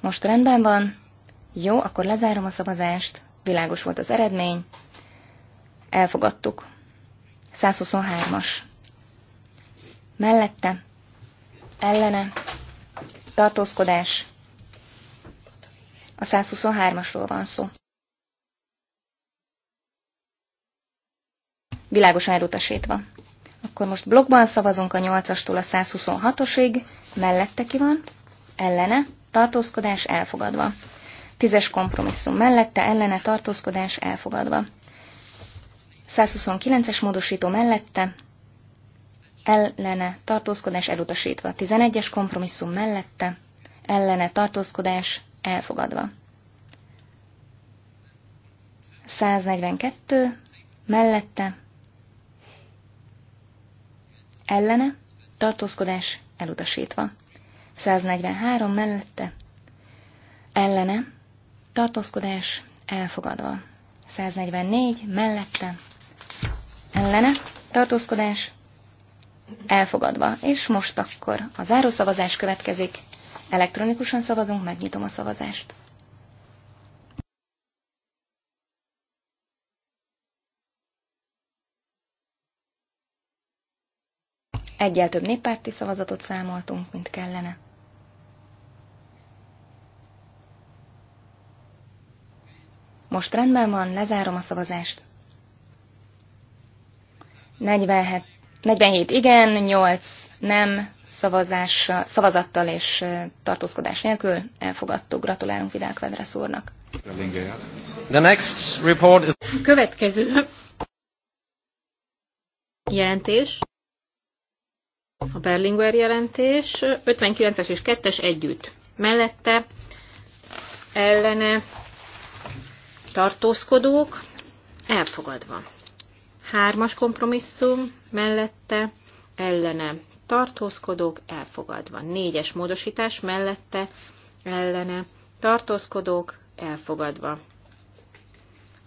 Most rendben van. Jó, akkor lezárom a szavazást világos volt az eredmény, elfogadtuk. 123-as. Mellette, ellene, tartózkodás. A 123-asról van szó. Világosan elutasítva. Akkor most blokkban szavazunk a 8-astól a 126-osig, mellette ki van, ellene, tartózkodás elfogadva. Tízes kompromisszum mellette, ellene tartózkodás elfogadva. 129-es módosító mellette, ellene tartózkodás elutasítva. 11-es kompromisszum mellette, ellene tartózkodás elfogadva. 142 mellette, ellene tartózkodás elutasítva. 143 mellette, ellene tartózkodás elfogadva. 144 mellette ellene tartózkodás elfogadva. És most akkor a zárószavazás következik. Elektronikusan szavazunk, megnyitom a szavazást. Egyel több néppárti szavazatot számoltunk, mint kellene. Most rendben van, lezárom a szavazást. 47, 47 igen, 8 nem, szavazás, szavazattal és tartózkodás nélkül elfogadtuk. Gratulálunk Vidál Quadras úrnak. The next report is... Következő jelentés. A Berlinguer jelentés 59-es és 2-es együtt. Mellette ellene tartózkodók, elfogadva. Hármas kompromisszum mellette, ellene tartózkodók, elfogadva. Négyes módosítás mellette, ellene tartózkodók, elfogadva.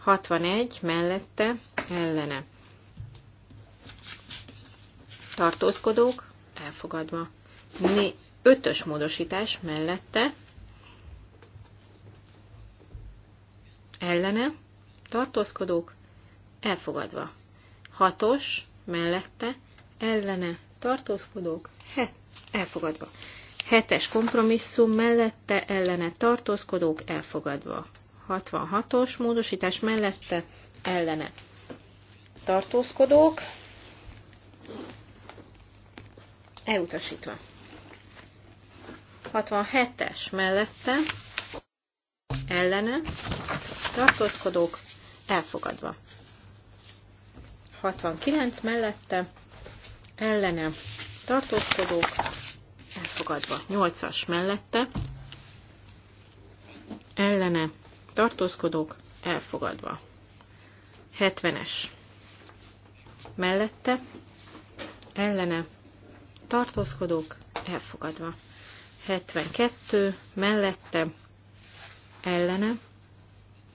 61 mellette, ellene tartózkodók, elfogadva. Né- ötös módosítás mellette, ellene, tartózkodók, elfogadva. Hatos, mellette, ellene, tartózkodók, het, elfogadva. Hetes kompromisszum mellette, ellene, tartózkodók, elfogadva. 66-os módosítás mellette, ellene, tartózkodók, elutasítva. 67-es mellette, ellene, tartózkodók elfogadva. 69 mellette ellene tartózkodók elfogadva. 8-as mellette ellene tartózkodók elfogadva. 70-es mellette ellene tartózkodók elfogadva. 72 mellette ellene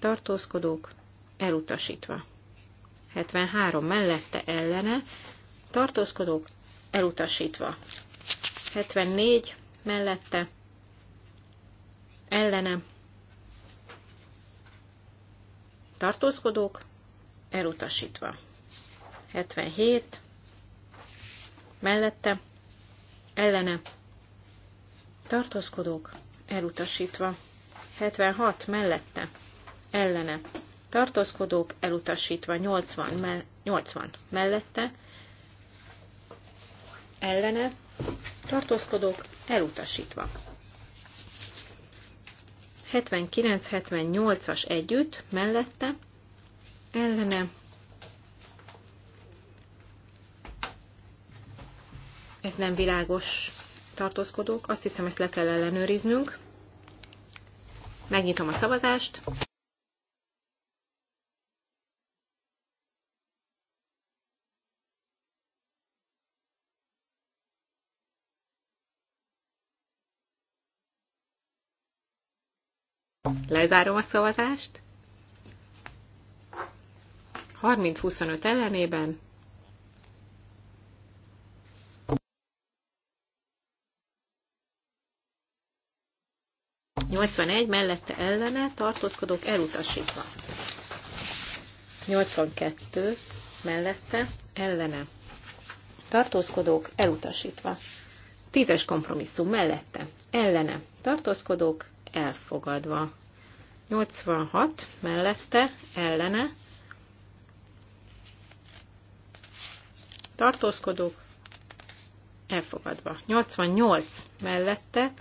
tartózkodók elutasítva. 73 mellette ellene tartózkodók elutasítva. 74 mellette ellene tartózkodók elutasítva. 77 mellette ellene tartózkodók elutasítva. 76 mellette ellene tartózkodók elutasítva 80, me 80 mellette, ellene tartózkodók elutasítva. 79-78-as együtt mellette, ellene ez nem világos tartózkodók, azt hiszem ezt le kell ellenőriznünk. Megnyitom a szavazást. Lezárom a szavazást. 30-25 ellenében egy mellette ellene tartózkodók elutasítva. 82 mellette ellene tartózkodók elutasítva. Tízes kompromisszum mellette ellene tartózkodók elfogadva. 86 mellette, ellene, tartózkodók, elfogadva. 88 mellette,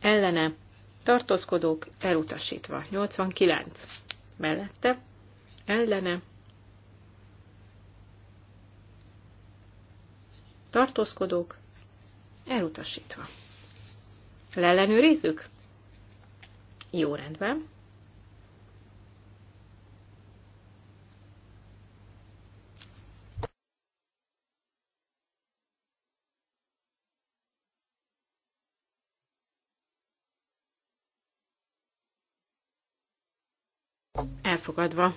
ellene, tartózkodók, elutasítva. 89 mellette, ellene, tartózkodók, elutasítva. Lellenőrizzük? Jó rendben. elfogadva.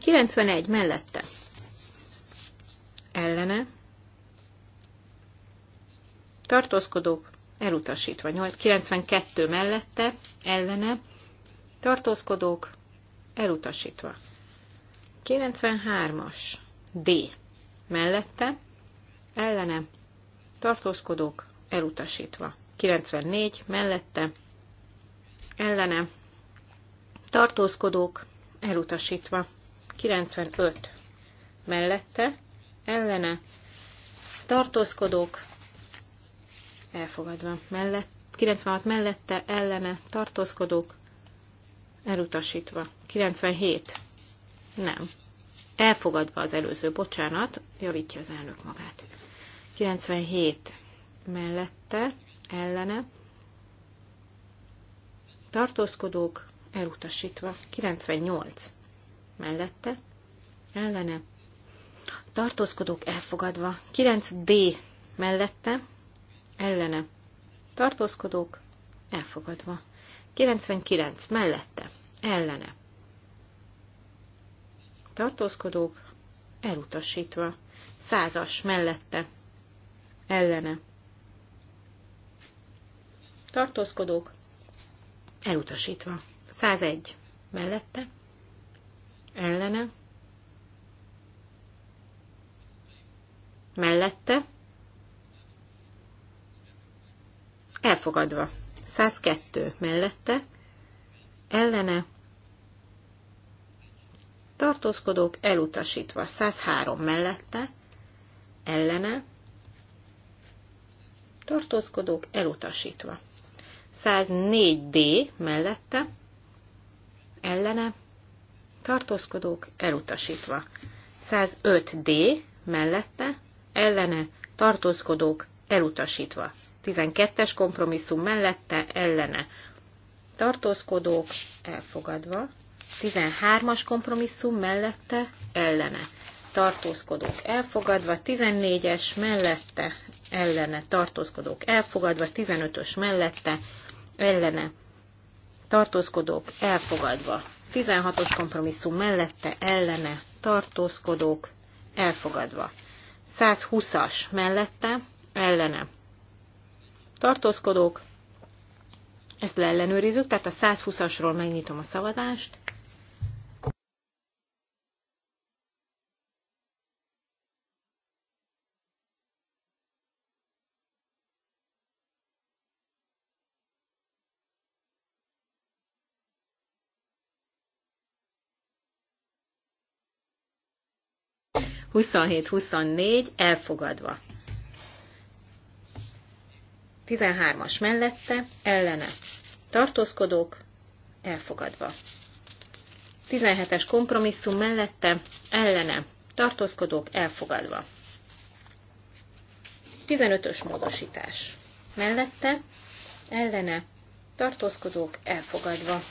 91 mellette. Ellene. Tartózkodók elutasítva. 92 mellette. Ellene. Tartózkodók elutasítva. 93-as. D. Mellette. Ellene. Tartózkodók elutasítva. 94 mellette. Ellene tartózkodók elutasítva. 95 mellette, ellene, tartózkodók elfogadva. Mellett, 96 mellette, ellene, tartózkodók elutasítva. 97 nem. Elfogadva az előző, bocsánat, javítja az elnök magát. 97 mellette, ellene, tartózkodók elutasítva. 98 mellette, ellene, tartózkodók elfogadva. 9D mellette, ellene, tartózkodók elfogadva. 99 mellette, ellene, tartózkodók elutasítva. Százas mellette, ellene. Tartózkodók elutasítva. 101 mellette, ellene, mellette, elfogadva. 102 mellette, ellene, tartózkodók elutasítva. 103 mellette, ellene, tartózkodók elutasítva. 104D mellette, ellene, tartózkodók elutasítva. 105D mellette, ellene, tartózkodók elutasítva. 12-es kompromisszum mellette, ellene, tartózkodók elfogadva. 13-as kompromisszum mellette, ellene, tartózkodók elfogadva, 14-es mellette, ellene, tartózkodók elfogadva, 15-ös mellette, ellene, tartózkodók elfogadva. 16-os kompromisszum mellette ellene tartózkodók elfogadva. 120-as mellette ellene tartózkodók. Ezt leellenőrizzük, tehát a 120-asról megnyitom a szavazást. 27-24 elfogadva. 13-as mellette ellene tartózkodók elfogadva. 17-es kompromisszum mellette ellene tartózkodók elfogadva. 15-ös módosítás mellette ellene tartózkodók elfogadva.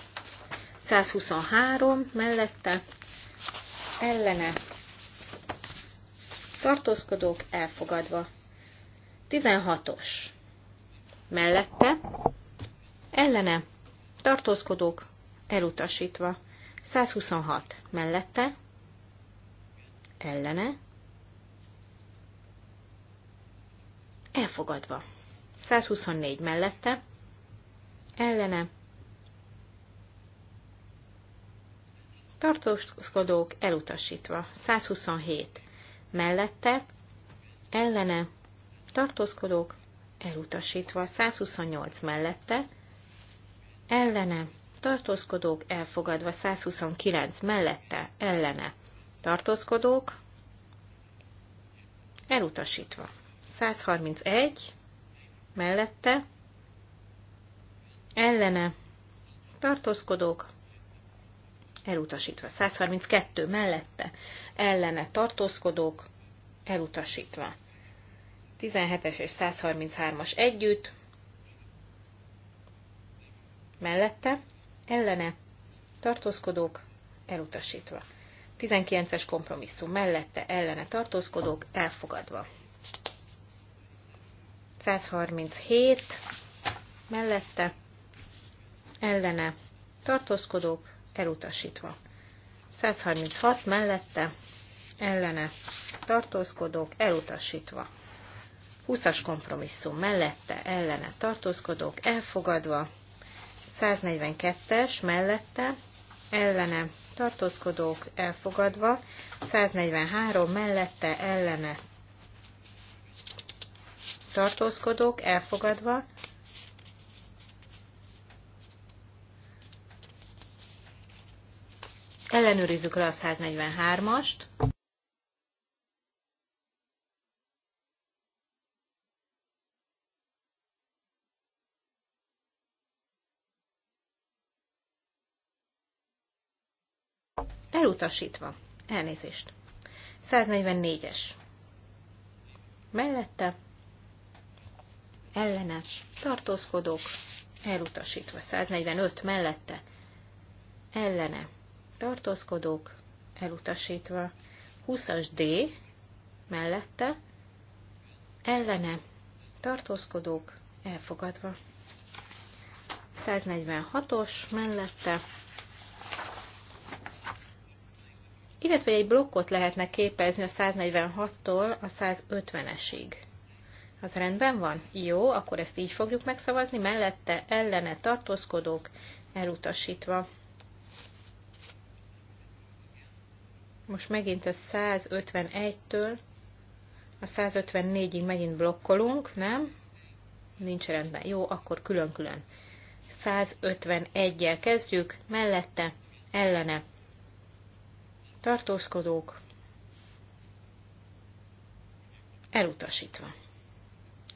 123 mellette ellene tartózkodók elfogadva. 16-os mellette, ellene, tartózkodók elutasítva. 126 mellette, ellene, elfogadva. 124 mellette, ellene, tartózkodók elutasítva. 127 mellette, ellene, tartózkodók, elutasítva. 128 mellette, ellene, tartózkodók, elfogadva. 129 mellette, ellene, tartózkodók, elutasítva. 131 mellette, ellene, tartózkodók, elutasítva. 132 mellette ellene tartózkodók, elutasítva. 17-es és 133-as együtt, mellette ellene tartózkodók, elutasítva. 19-es kompromisszum mellette ellene tartózkodók, elfogadva. 137 mellette ellene tartózkodók, elutasítva. 136 mellette ellene tartózkodók elutasítva. 20-as kompromisszum mellette ellene tartózkodók elfogadva. 142-es mellette ellene tartózkodók elfogadva. 143 mellette ellene tartózkodók elfogadva. ellenőrizzük le a 143-ast. Elutasítva. Elnézést. 144-es. Mellette ellene tartózkodók, elutasítva. 145 mellette ellene tartózkodók, elutasítva. 20-as D mellette, ellene tartózkodók, elfogadva. 146-os mellette, illetve egy blokkot lehetne képezni a 146-tól a 150-esig. Az rendben van? Jó, akkor ezt így fogjuk megszavazni, mellette ellene tartózkodók elutasítva. Most megint a 151-től a 154-ig megint blokkolunk, nem? Nincs rendben. Jó, akkor külön-külön. 151-jel kezdjük, mellette, ellene. Tartózkodók. Elutasítva.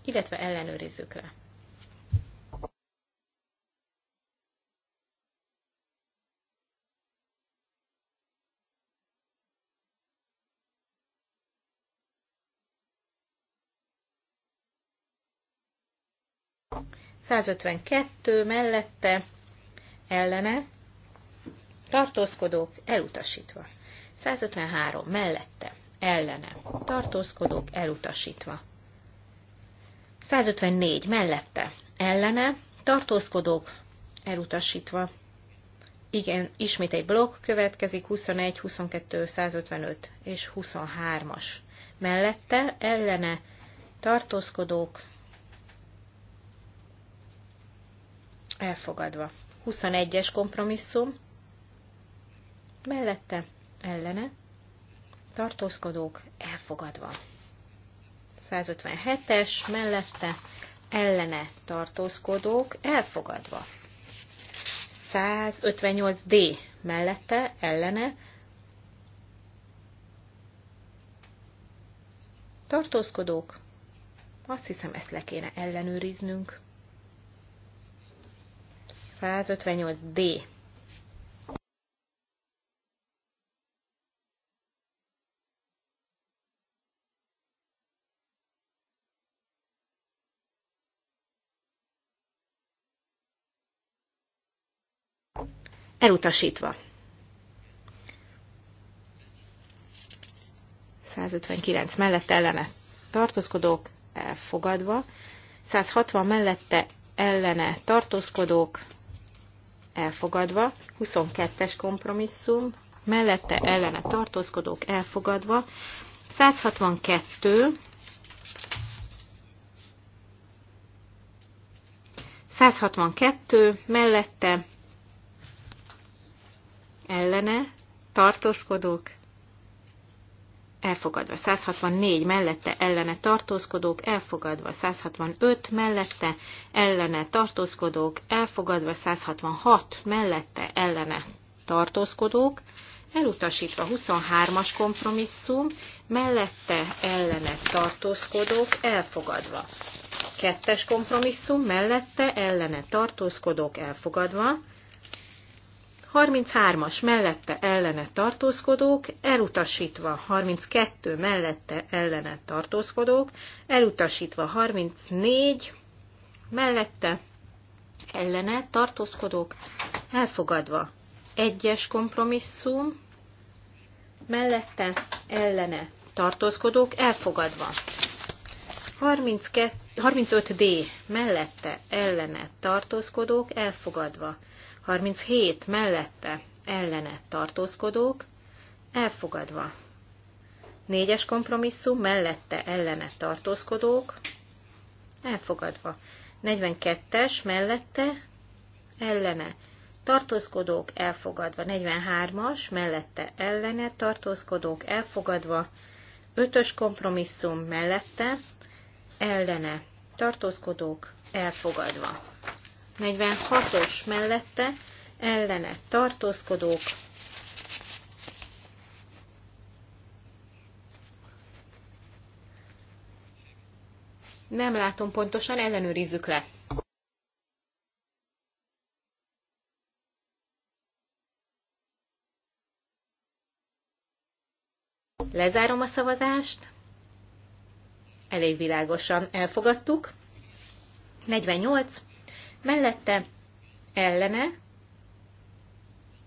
Illetve ellenőrizzük le. 152 mellette ellene tartózkodók elutasítva. 153 mellette ellene tartózkodók elutasítva. 154 mellette ellene tartózkodók elutasítva. Igen, ismét egy blokk következik, 21, 22, 155 és 23-as. Mellette ellene tartózkodók elfogadva. 21-es kompromisszum, mellette, ellene, tartózkodók, elfogadva. 157-es, mellette, ellene, tartózkodók, elfogadva. 158D, mellette, ellene, tartózkodók, azt hiszem ezt le kéne ellenőriznünk. 158D. Elutasítva. 159 mellett ellene tartózkodók elfogadva, 160 mellette ellene tartózkodók elfogadva, 22-es kompromisszum, mellette ellene tartózkodók elfogadva, 162, 162 mellette ellene tartózkodók elfogadva 164 mellette ellene tartózkodók, elfogadva 165 mellette ellene tartózkodók, elfogadva 166 mellette ellene tartózkodók, elutasítva 23-as kompromisszum, mellette ellene tartózkodók, elfogadva. Kettes kompromisszum, mellette ellene tartózkodók, elfogadva. 33-as mellette ellene tartózkodók, elutasítva 32 mellette ellene tartózkodók, elutasítva 34 mellette ellene tartózkodók, elfogadva egyes kompromisszum, mellette ellene tartózkodók, elfogadva 32, 35D mellette ellene tartózkodók, elfogadva 37 mellette ellene tartózkodók, elfogadva. Négyes kompromisszum mellette ellene tartózkodók, elfogadva. 42-es mellette ellene tartózkodók, elfogadva. 43-as mellette ellene tartózkodók, elfogadva. 5-ös kompromisszum mellette ellene tartózkodók, elfogadva. 46-os mellette ellene tartózkodók, Nem látom pontosan, ellenőrizzük le. Lezárom a szavazást. Elég világosan elfogadtuk. 48 mellette ellene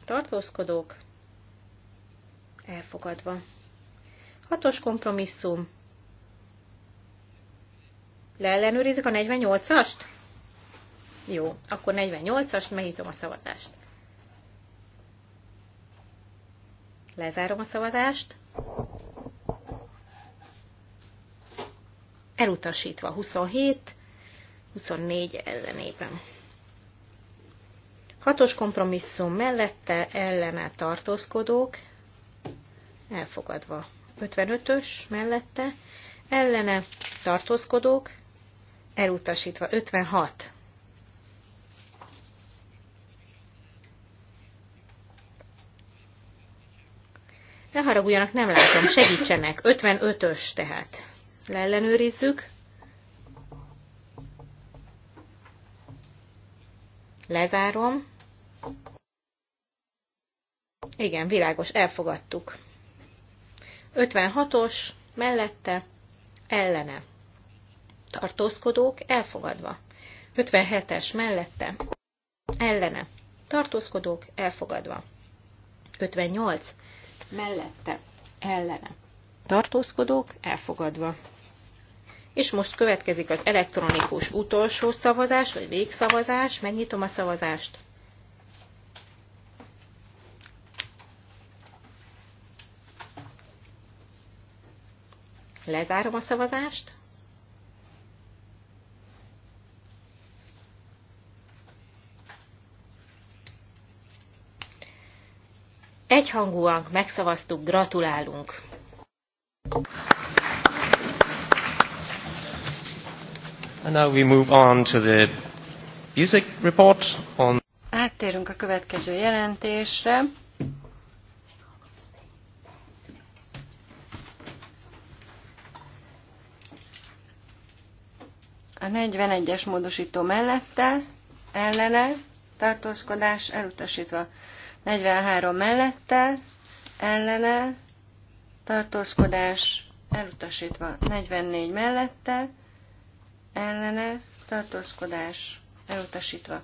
tartózkodók elfogadva. Hatos kompromisszum. Leellenőrizzük a 48-ast? Jó, akkor 48-ast, megnyitom a szavazást. Lezárom a szavazást. Elutasítva 27, 24 ellenében. Hatos kompromisszum mellette ellene tartózkodók, elfogadva. 55-ös mellette ellene tartózkodók, elutasítva. 56. Ne haraguljanak, nem látom, segítsenek. 55-ös tehát. Leellenőrizzük. Lezárom. Igen, világos, elfogadtuk. 56-os, mellette, ellene. Tartózkodók, elfogadva. 57-es, mellette, ellene. Tartózkodók, elfogadva. 58, mellette, ellene. Tartózkodók, elfogadva és most következik az elektronikus utolsó szavazás, vagy végszavazás. Megnyitom a szavazást. Lezárom a szavazást. Egyhangúan megszavaztuk, gratulálunk! And now we move on to the music report on Áttérünk a következő jelentésre. A 41-es módosító mellette, ellene, tartózkodás elutasítva. 43 mellette, ellene, tartózkodás elutasítva. 44 mellette, ellene tartózkodás elutasítva.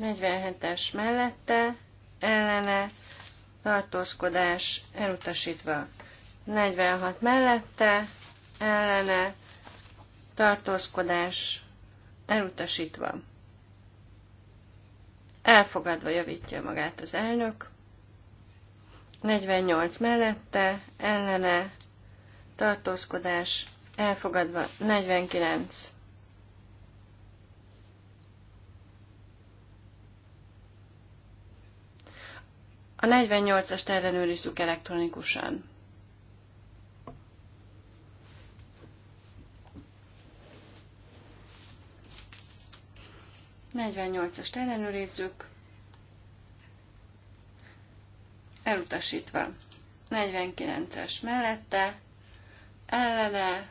47-es mellette ellene tartózkodás elutasítva. 46 mellette ellene tartózkodás elutasítva. Elfogadva javítja magát az elnök. 48 mellette ellene tartózkodás elfogadva. 49 A 48 est ellenőrizzük elektronikusan. Negyvennyolcast ellenőrizzük. Elutasítva. 49-es mellette, ellene,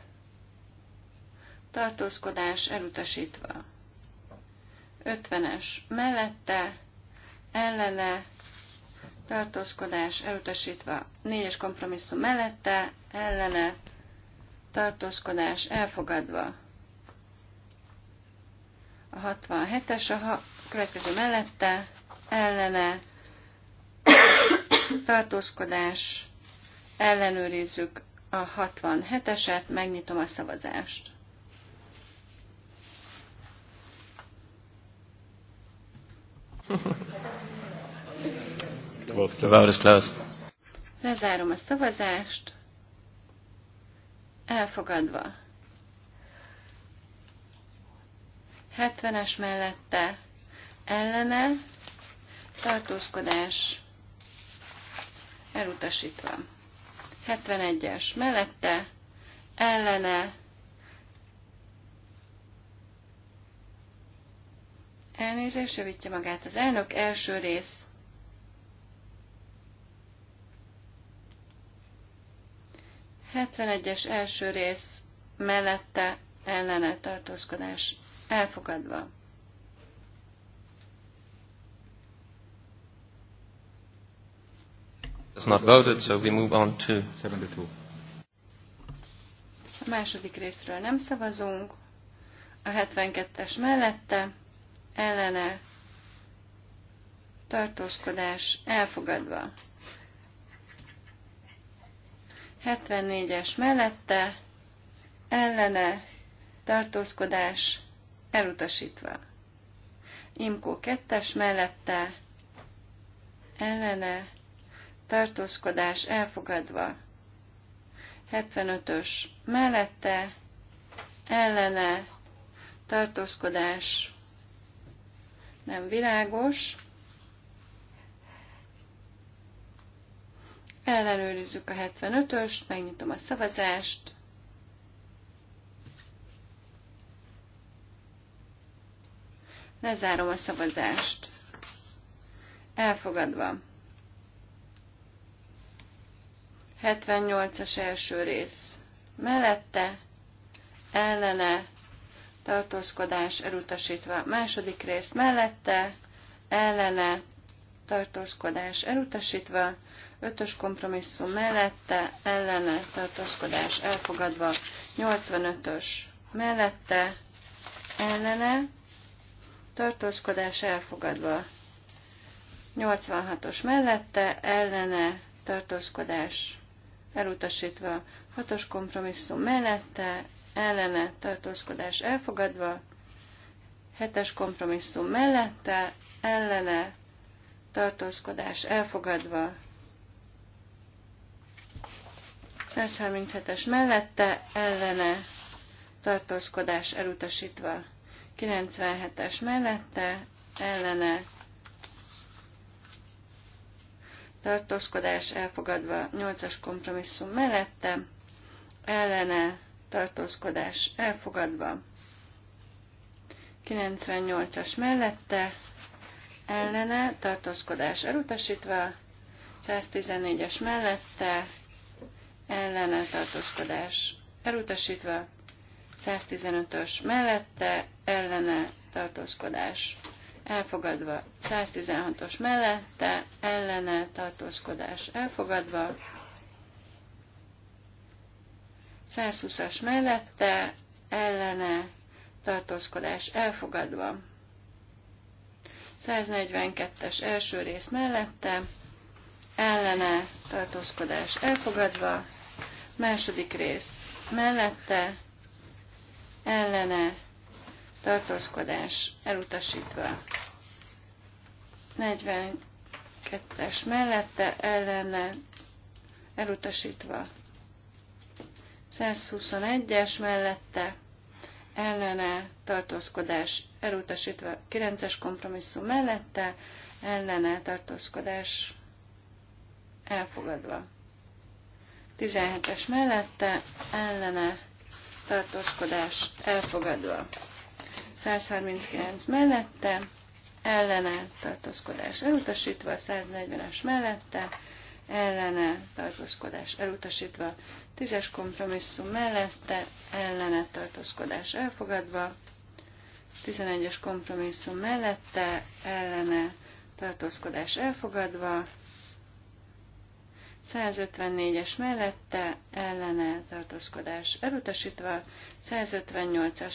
tartózkodás elutasítva. 50-es mellette, ellene, tartózkodás elutasítva, négyes kompromisszum mellette, ellene, tartózkodás elfogadva. A 67-es a következő mellette, ellene, tartózkodás, ellenőrizzük a 67-eset, megnyitom a szavazást. The vote is closed. Lezárom a szavazást. Elfogadva. 70-es mellette ellene tartózkodás elutasítva. 71-es mellette ellene elnézést javítja magát az elnök első rész 71-es első rész mellette ellene tartózkodás elfogadva. It's not voted, so we move on to 72. A második részről nem szavazunk. A 72-es mellette ellene tartózkodás elfogadva. 74-es mellette, ellene, tartózkodás, elutasítva. Imkó 2-es mellette, ellene, tartózkodás, elfogadva. 75-ös mellette, ellene, tartózkodás, nem világos, Ellenőrizzük a 75-öst, megnyitom a szavazást. Lezárom a szavazást. Elfogadva. 78-as első rész. Mellette, ellene, tartózkodás elutasítva. Második rész mellette, ellene, tartózkodás elutasítva. Ötös kompromisszum mellette, ellene tartózkodás elfogadva. 85-ös mellette, ellene tartózkodás elfogadva. 86-os mellette, ellene tartózkodás elutasítva. 6-os kompromisszum mellette, ellene tartózkodás elfogadva. 7-es kompromisszum mellette, ellene tartózkodás elfogadva. 137-es mellette ellene tartózkodás elutasítva. 97-es mellette ellene tartózkodás elfogadva. 8-as kompromisszum mellette ellene tartózkodás elfogadva. 98-as mellette ellene tartózkodás elutasítva. 114-es mellette ellene tartózkodás elutasítva, 115-ös mellette ellene tartózkodás elfogadva, 116-os mellette ellene tartózkodás elfogadva, 120-as mellette ellene tartózkodás elfogadva, 142-es első rész mellette ellene tartózkodás elfogadva, második rész mellette ellene tartózkodás elutasítva. 42-es mellette ellene elutasítva. 121-es mellette ellene tartózkodás elutasítva. 9-es kompromisszum mellette ellene tartózkodás elfogadva. 17-es mellette ellene tartózkodás elfogadva. 139 mellette ellene tartózkodás elutasítva, 140-es mellette ellene tartózkodás elutasítva, 10-es kompromisszum mellette ellene tartózkodás elfogadva, 11-es kompromisszum mellette ellene tartózkodás elfogadva, 154-es mellette ellene tartózkodás elutasítva, 158-as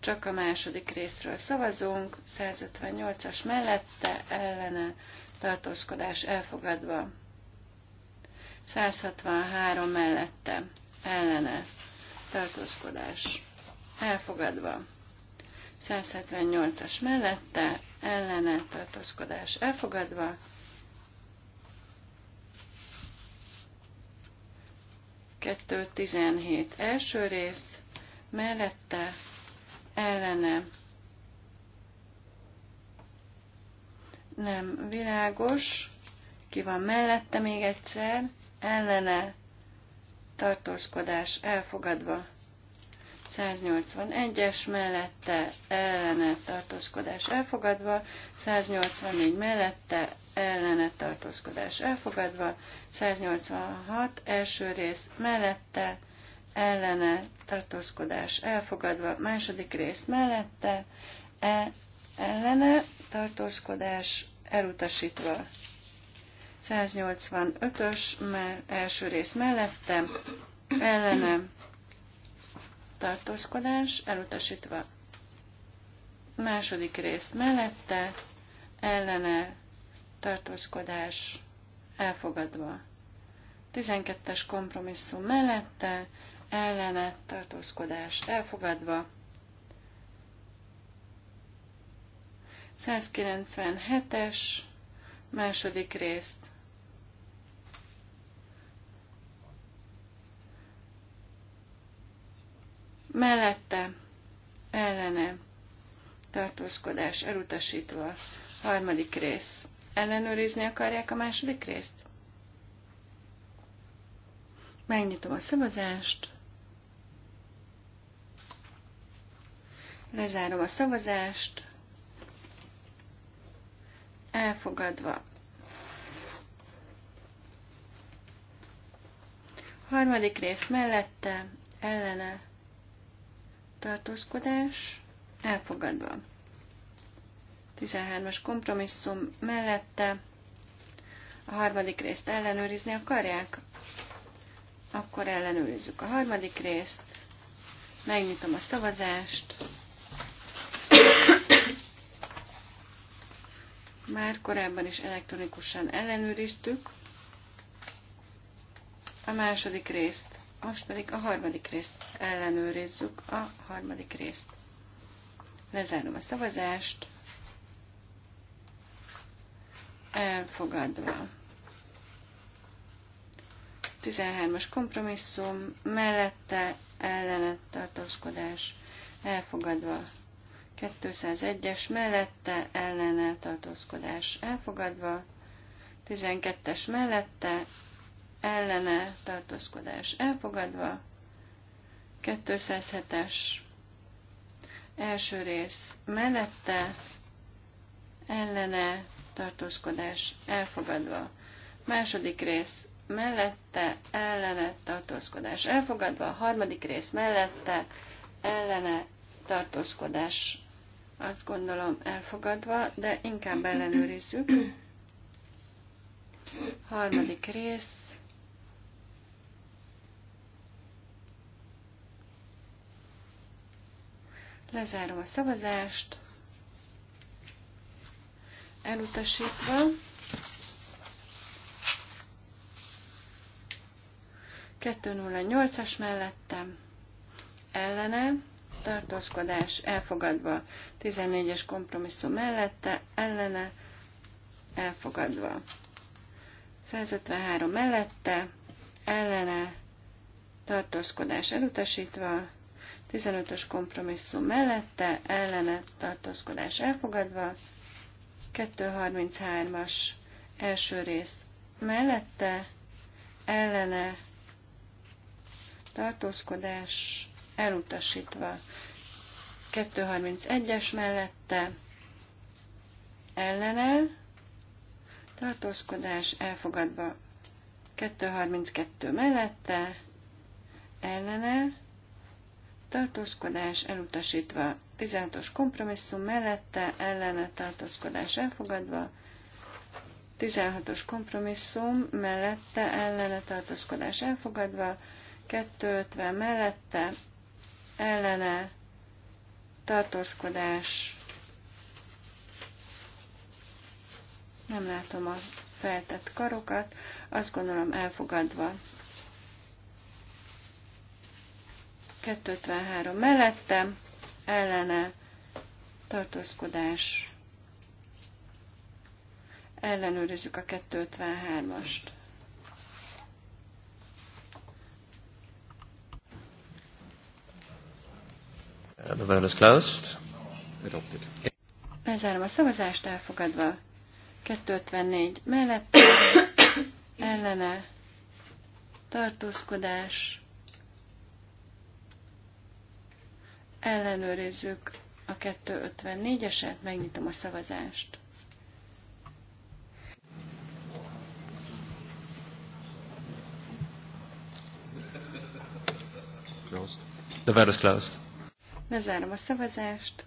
csak a második részről szavazunk, 158-as mellette ellene tartózkodás elfogadva, 163 mellette ellene tartózkodás elfogadva, 178-as mellette ellene tartózkodás elfogadva, 2.17 első rész, mellette, ellene, nem világos, ki van mellette még egyszer, ellene, tartózkodás elfogadva. 181-es mellette ellene tartózkodás elfogadva, 184 mellette ellene tartózkodás elfogadva, 186 első rész mellette, ellene tartózkodás elfogadva, második rész mellette, e, ellene tartózkodás elutasítva. 185-ös első rész mellette, ellene tartózkodás elutasítva. Második rész mellette, ellene tartózkodás elfogadva. 12-es kompromisszum mellette, ellene tartózkodás elfogadva. 197-es második részt. Mellette, ellene, tartózkodás elutasítva, harmadik rész ellenőrizni akarják a második részt? Megnyitom a szavazást. Lezárom a szavazást. Elfogadva. Harmadik rész mellette, ellene, tartózkodás, elfogadva. 13-as kompromisszum mellette a harmadik részt ellenőrizni akarják, akkor ellenőrizzük a harmadik részt, megnyitom a szavazást, már korábban is elektronikusan ellenőriztük, a második részt, most pedig a harmadik részt ellenőrizzük, a harmadik részt. Lezárom a szavazást elfogadva. 13-as kompromisszum, mellette ellenet tartózkodás elfogadva. 201-es mellette ellene tartózkodás elfogadva. 12-es mellette ellene tartózkodás elfogadva. 207-es első rész mellette ellene tartózkodás elfogadva. Második rész mellette, ellene, tartózkodás elfogadva. Harmadik rész mellette, ellene, tartózkodás azt gondolom elfogadva, de inkább ellenőrizzük. Harmadik rész. Lezárom a szavazást elutasítva. 208-as mellettem ellene, tartózkodás elfogadva, 14-es kompromisszum mellette, ellene, elfogadva. 153 mellette, ellene, tartózkodás elutasítva, 15-ös kompromisszum mellette, ellene, tartózkodás elfogadva, 233-as első rész mellette ellene tartózkodás elutasítva. 231-es mellette ellene tartózkodás elfogadva. 232 mellette ellene tartózkodás elutasítva. 16 os kompromisszum mellette ellene tartózkodás elfogadva, 16-os kompromisszum mellette ellene tartózkodás elfogadva, 250 mellette ellene tartózkodás nem látom a feltett karokat, azt gondolom elfogadva. 253 mellette ellene tartózkodás. Ellenőrizzük a 253-ast. The vote is closed. Adopted. Lezárom a szavazást elfogadva. 254 mellett ellene tartózkodás Ellenőrizzük a 254-eset, megnyitom a szavazást. Closed. The vote is closed. Lezárom a szavazást.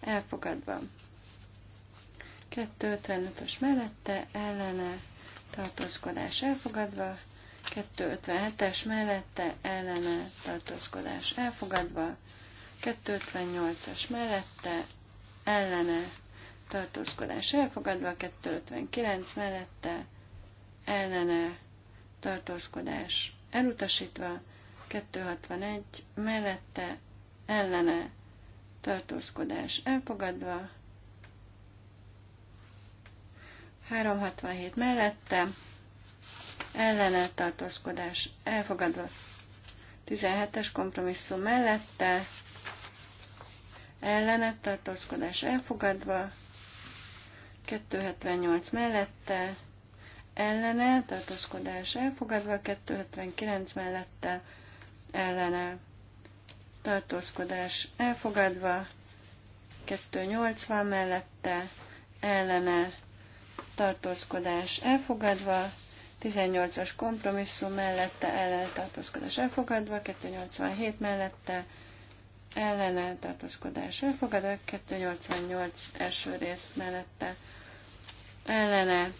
Elfogadva. 255-ös mellette, ellene, tartózkodás elfogadva, 257-es mellette ellene tartózkodás elfogadva, 258-as mellette ellene tartózkodás elfogadva, 259 mellette ellene tartózkodás elutasítva, 261 mellette ellene tartózkodás elfogadva, 367 mellette ellenet tartózkodás elfogadva. 17-es kompromisszum mellette ellenet tartózkodás elfogadva. 278 mellette ellene tartózkodás elfogadva. 279 mellette ellene tartózkodás elfogadva. 280 mellette ellene tartózkodás elfogadva, 18-as kompromisszum mellette ellen tartózkodás elfogadva, 287 mellette ellen tartózkodás elfogadva, 288 első rész mellette ellene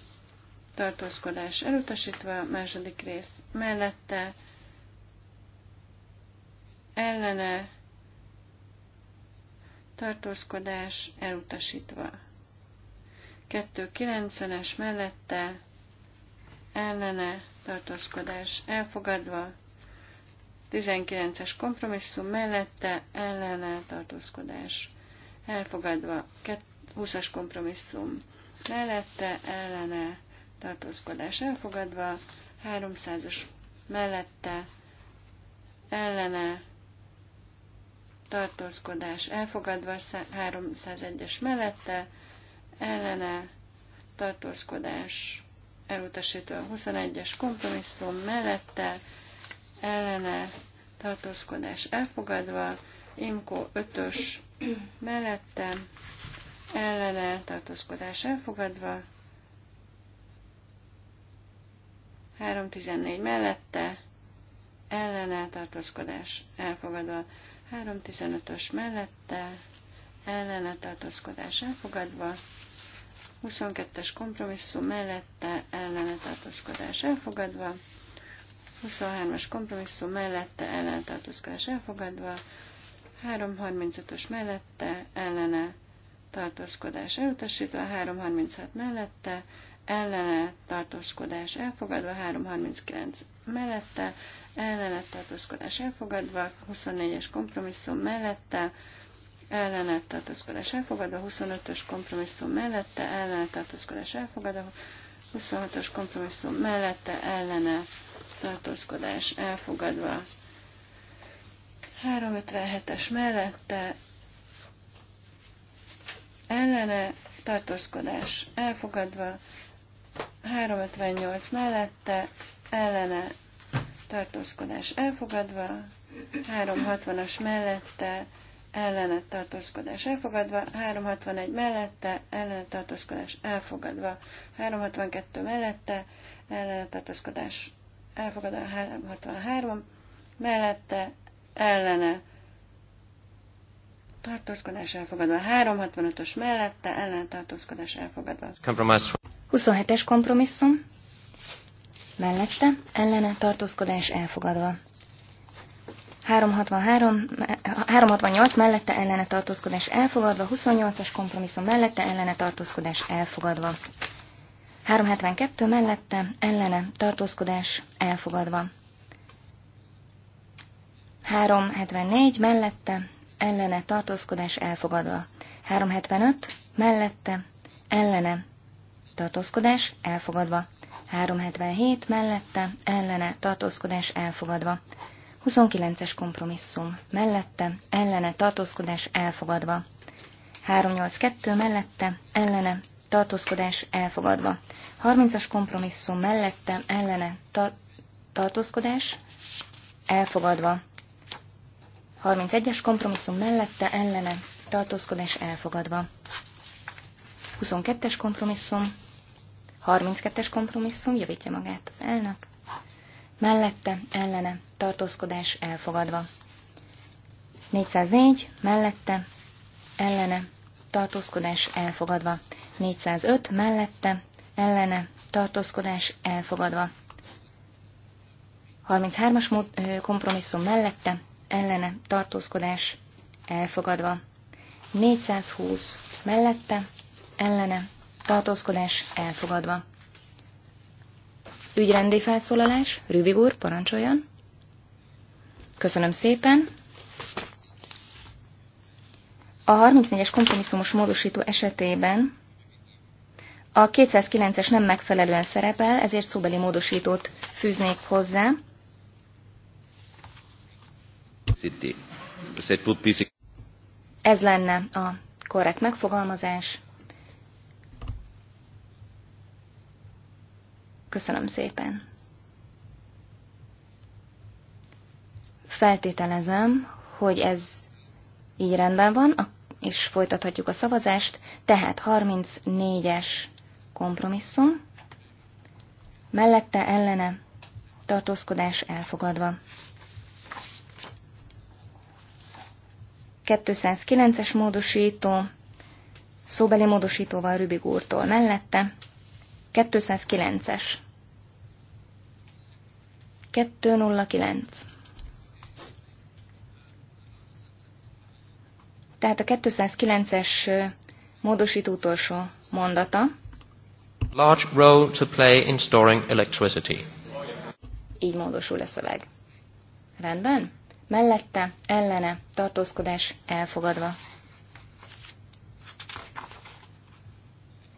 tartózkodás elutasítva, második rész mellette ellene tartózkodás elutasítva. 290-es mellette ellene tartózkodás elfogadva, 19-es kompromisszum mellette ellene tartózkodás elfogadva, 20-as kompromisszum mellette ellene tartózkodás elfogadva, 300-as mellette ellene tartózkodás elfogadva, 301-es mellette ellene tartózkodás elutasítva a 21-es kompromisszum mellette, ellene tartózkodás elfogadva, Imko 5-ös mellette, ellene tartózkodás elfogadva, 314 mellette, ellene tartózkodás elfogadva, 315-ös mellette, ellene tartózkodás elfogadva, 22-es kompromisszum mellette ellene tartózkodás elfogadva, 23-as kompromisszum mellette ellene tartózkodás elfogadva, 335-ös mellette ellene tartózkodás elutasítva, 336 mellette ellene tartózkodás elfogadva, 339 mellette ellene tartózkodás elfogadva, 24-es kompromisszum mellette ellenet tartózkodás elfogadva, 25-ös kompromisszum mellette ellenet tartózkodás elfogadva, 26 ös kompromisszum mellette ellene tartózkodás elfogadva, 357-es mellette ellene tartózkodás elfogadva, 358 mellette ellene tartózkodás elfogadva, 360-as mellette ellenet tartózkodás elfogadva, 361 mellette ellenet tartózkodás elfogadva, 362 mellette ellenet tartózkodás elfogadva, 363 mellette ellene tartózkodás elfogadva, 365-ös mellette ellenet tartózkodás elfogadva. 27-es kompromisszum mellette ellene tartózkodás elfogadva. 363, 368 mellette ellene tartózkodás elfogadva, 28-as kompromisszum mellette ellene tartózkodás elfogadva. 372 mellette ellene tartózkodás elfogadva. 374 mellette ellene tartózkodás elfogadva. 375 mellette ellene tartózkodás elfogadva. 377 mellette ellene tartózkodás elfogadva. 29-es kompromisszum mellette, ellene tartózkodás elfogadva. 382 mellette, ellene tartózkodás elfogadva. 30-as kompromisszum mellette, ellene ta tartózkodás elfogadva. 31-es kompromisszum mellette, ellene tartózkodás elfogadva. 22-es kompromisszum, 32-es kompromisszum, javítja magát az elnök mellette, ellene, tartózkodás elfogadva. 404, mellette, ellene, tartózkodás elfogadva. 405, mellette, ellene, tartózkodás elfogadva. 33-as kompromisszum mellette, ellene, tartózkodás elfogadva. 420, mellette, ellene, tartózkodás elfogadva. Ügyrendi felszólalás. Rübig úr, parancsoljon. Köszönöm szépen. A 34-es kompromisszumos módosító esetében a 209-es nem megfelelően szerepel, ezért szóbeli módosítót fűznék hozzá. Ez lenne a korrekt megfogalmazás. Köszönöm szépen. Feltételezem, hogy ez így rendben van, és folytathatjuk a szavazást. Tehát 34-es kompromisszum. Mellette ellene tartózkodás elfogadva. 209-es módosító, szóbeli módosítóval Rübig úrtól mellette, 209-es. 209. Tehát a 209-es módosító utolsó mondata. Large role to play in storing electricity. Így módosul a szöveg. Rendben? Mellette, ellene, tartózkodás elfogadva.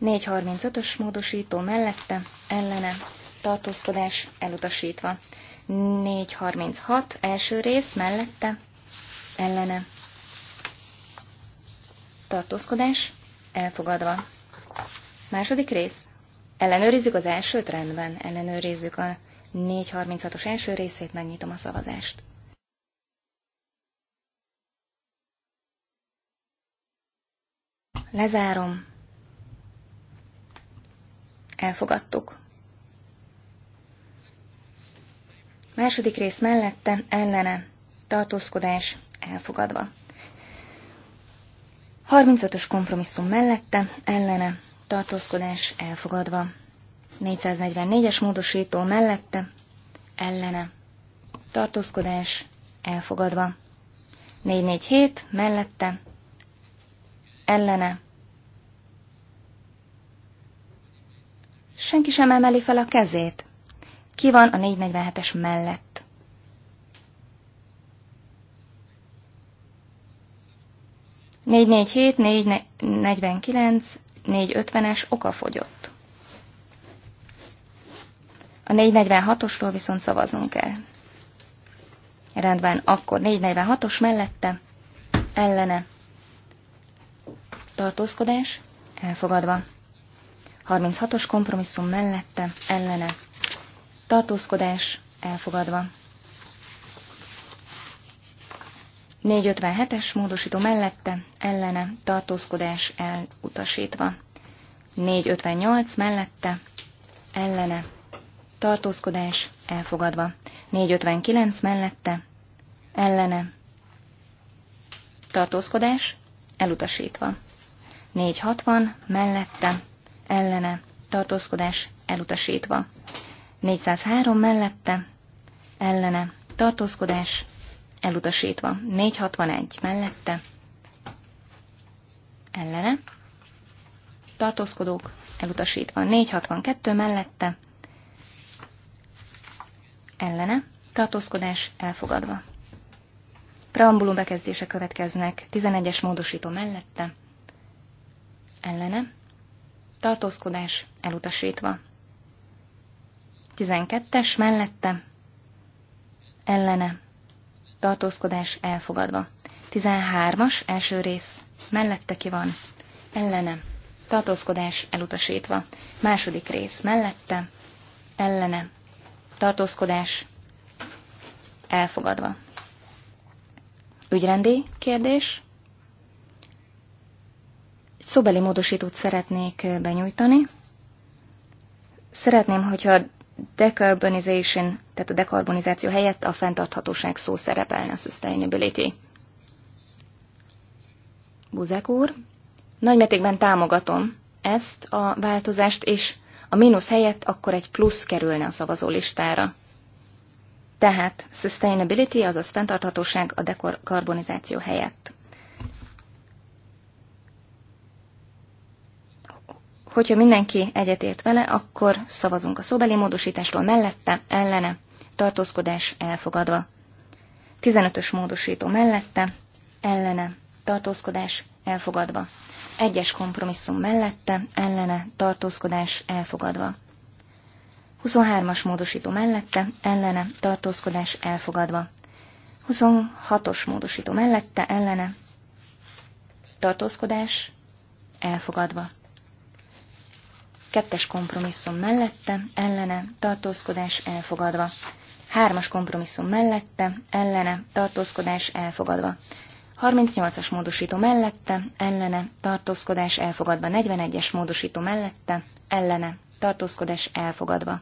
435-ös módosító mellette, ellene, tartózkodás elutasítva. 436 első rész mellette, ellene, tartózkodás elfogadva. Második rész. Ellenőrizzük az elsőt rendben, ellenőrizzük a 436-os első részét, megnyitom a szavazást. Lezárom. Elfogadtuk. Második rész mellette, ellene, tartózkodás, elfogadva. 35-ös kompromisszum mellette, ellene, tartózkodás, elfogadva. 444-es módosító mellette, ellene, tartózkodás, elfogadva. 447 mellette, ellene, Senki sem emeli fel a kezét. Ki van a 447-es mellett? Négy négy hét, négy negyvenkilenc, négy ötvenes okafogyott. A 446-osról viszont szavaznunk kell. Rendben, akkor 446-os mellette, ellene, tartózkodás, elfogadva. 36-os kompromisszum mellette, ellene, tartózkodás elfogadva. 457-es módosító mellette, ellene, tartózkodás elutasítva. 458 mellette, ellene, tartózkodás elfogadva. 459 mellette, ellene, tartózkodás elutasítva. 460 mellette, ellene tartózkodás elutasítva. 403 mellette ellene tartózkodás elutasítva. 461 mellette ellene tartózkodók elutasítva. 462 mellette ellene tartózkodás elfogadva. Preambulum bekezdése következnek 11-es módosító mellette ellene tartózkodás elutasítva. 12-es mellette, ellene, tartózkodás elfogadva. 13-as első rész, mellette ki van, ellene, tartózkodás elutasítva. Második rész, mellette, ellene, tartózkodás elfogadva. Ügyrendi kérdés, szóbeli módosítót szeretnék benyújtani. Szeretném, hogyha decarbonization, tehát a dekarbonizáció helyett a fenntarthatóság szó szerepelne, a sustainability. Buzek úr, nagymértékben támogatom ezt a változást, és a mínusz helyett akkor egy plusz kerülne a szavazó listára. Tehát sustainability, azaz fenntarthatóság a dekarbonizáció helyett. Hogyha mindenki egyetért vele, akkor szavazunk a szóbeli módosításról mellette, ellene, tartózkodás elfogadva. 15-ös módosító mellette, ellene, tartózkodás elfogadva. Egyes kompromisszum mellette, ellene, tartózkodás elfogadva. 23-as módosító mellette, ellene, tartózkodás elfogadva. 26-os módosító mellette, ellene, tartózkodás elfogadva. Kettes kompromisszum mellette, ellene, tartózkodás elfogadva. Hármas kompromisszum mellette, ellene, tartózkodás elfogadva. 38-as módosító mellette, ellene, tartózkodás elfogadva. 41-es módosító mellette, ellene, tartózkodás elfogadva.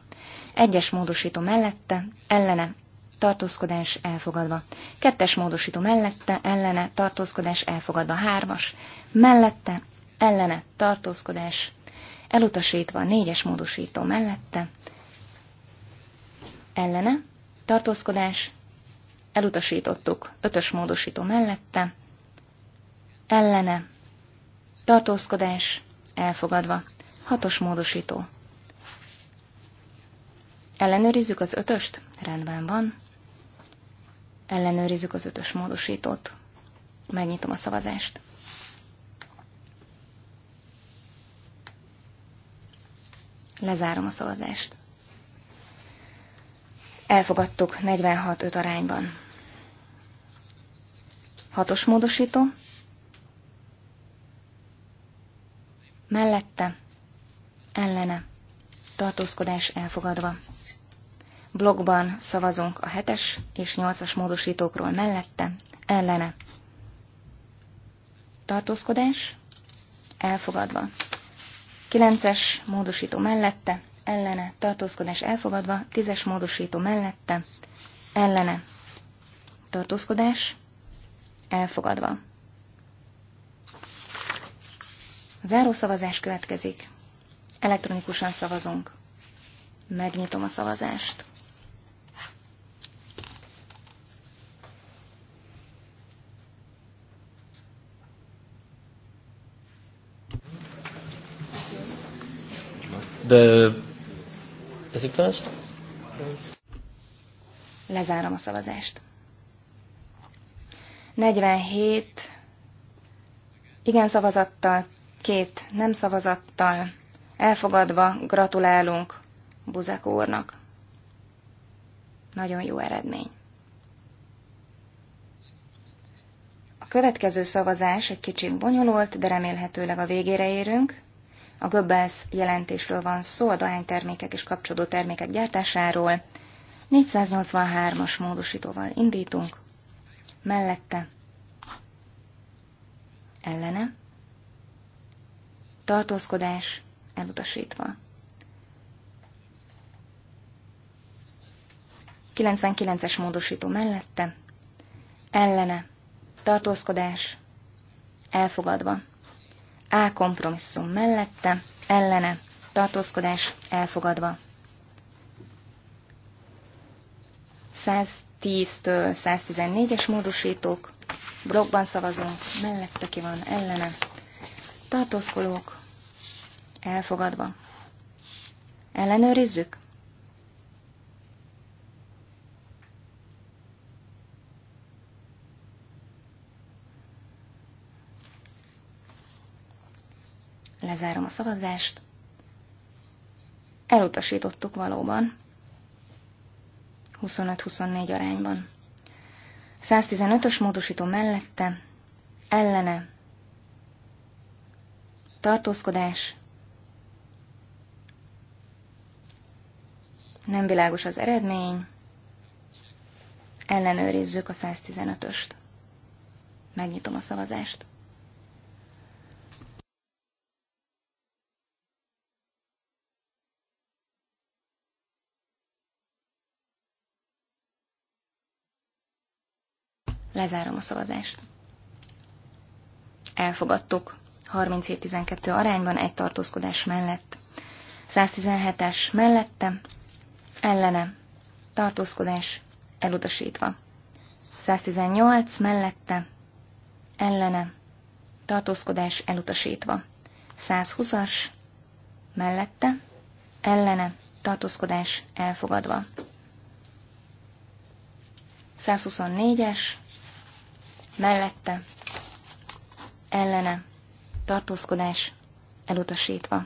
Egyes módosító mellette, ellene, tartózkodás elfogadva. 2-es módosító mellette, ellene, tartózkodás elfogadva. Hármas, mellette, ellene, tartózkodás elutasítva a négyes módosító mellette, ellene, tartózkodás, elutasítottuk ötös módosító mellette, ellene, tartózkodás, elfogadva, hatos módosító. Ellenőrizzük az ötöst? Rendben van. Ellenőrizzük az ötös módosítót. Megnyitom a szavazást. Lezárom a szavazást. Elfogadtuk 46-5 arányban. Hatos módosító. Mellette. Ellene. Tartózkodás elfogadva. Blogban szavazunk a 7-es és 8-as módosítókról mellette. Ellene. Tartózkodás elfogadva. 9-es módosító mellette, ellene, tartózkodás elfogadva, 10-es módosító mellette, ellene, tartózkodás elfogadva. Záró szavazás következik. Elektronikusan szavazunk. Megnyitom a szavazást. The... Is it first? Lezárom a szavazást. 47 igen szavazattal, két nem szavazattal, elfogadva gratulálunk Buzek úrnak. Nagyon jó eredmény. A következő szavazás egy kicsit bonyolult, de remélhetőleg a végére érünk. A Goebbels jelentésről van szó, a dohánytermékek és kapcsolódó termékek gyártásáról. 483-as módosítóval indítunk. Mellette. Ellene. Tartózkodás elutasítva. 99-es módosító mellette. Ellene. Tartózkodás elfogadva. A kompromisszum mellette, ellene, tartózkodás elfogadva. 110-től 114-es módosítók, blokkban szavazunk, mellette ki van, ellene, tartózkodók elfogadva. Ellenőrizzük? Lezárom a szavazást. Elutasítottuk valóban. 25-24 arányban. 115-ös módosító mellette, ellene, tartózkodás, nem világos az eredmény, ellenőrizzük a 115-öst. Megnyitom a szavazást. Lezárom a szavazást. Elfogadtuk. 37-12 arányban egy tartózkodás mellett. 117-es mellette, ellene, tartózkodás, elutasítva. 118 mellette, ellene, tartózkodás elutasítva. 120-as, mellette, ellene, tartózkodás elfogadva. 124-es, mellette, ellene, tartózkodás, elutasítva.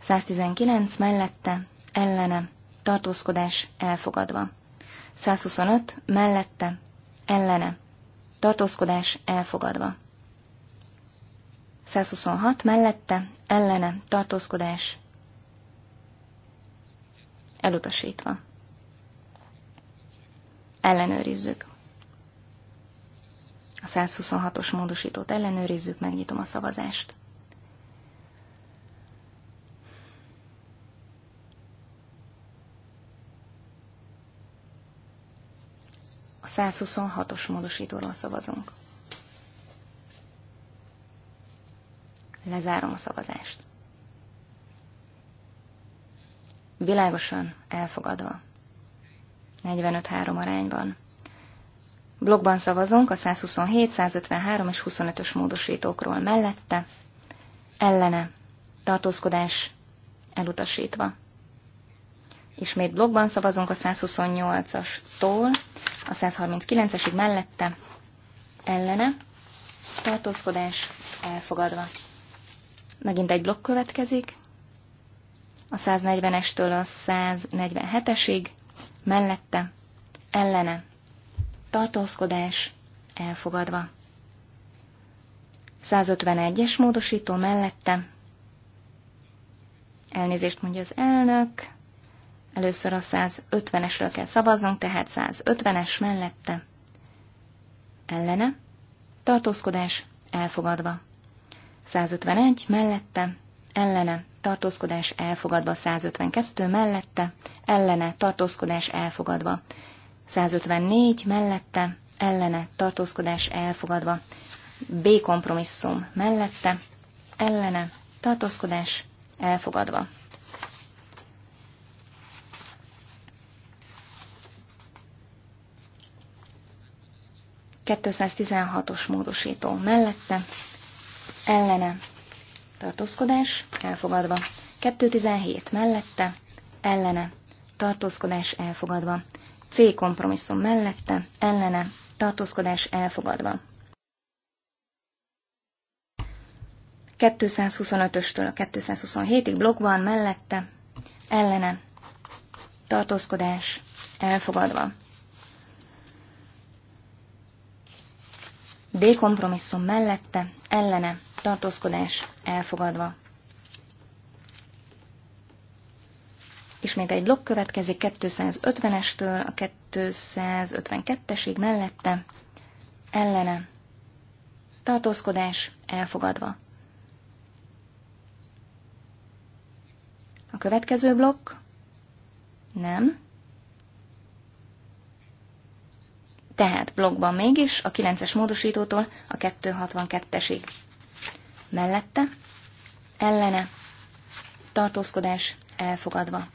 119 mellette, ellene, tartózkodás, elfogadva. 125 mellette, ellene, tartózkodás, elfogadva. 126 mellette, ellene, tartózkodás, elutasítva. Ellenőrizzük. A 126-os módosítót ellenőrizzük, megnyitom a szavazást. A 126-os módosítóról szavazunk. Lezárom a szavazást. Világosan elfogadva. 45-3 arányban. Blogban szavazunk a 127, 153 és 25-ös módosítókról mellette, ellene, tartózkodás elutasítva. Ismét blogban szavazunk a 128-astól a 139-esig mellette, ellene, tartózkodás elfogadva. Megint egy blokk következik, a 140-estől a 147-esig, mellette, ellene, tartózkodás elfogadva. 151-es módosító mellette. Elnézést mondja az elnök. Először a 150-esről kell szavaznunk, tehát 150-es mellette. Ellene. Tartózkodás elfogadva. 151 mellette. Ellene. Tartózkodás elfogadva. 152 mellette. Ellene. Tartózkodás elfogadva. 154 mellette, ellene tartózkodás elfogadva. B kompromisszum mellette, ellene tartózkodás elfogadva. ...216-os módosító mellette, ellene, tartózkodás, elfogadva. 217 mellette, ellene, tartózkodás, elfogadva. C kompromisszum mellette, ellene, tartózkodás elfogadva. 225-östől a 227-ig van mellette, ellene, tartózkodás elfogadva. D kompromisszum mellette, ellene, tartózkodás elfogadva. Ismét egy blokk következik 250-estől a 252-esig mellette, ellene, tartózkodás elfogadva. A következő blokk? Nem. Tehát blokkban mégis a 9-es módosítótól a 262-esig. Mellette, ellene, tartózkodás elfogadva.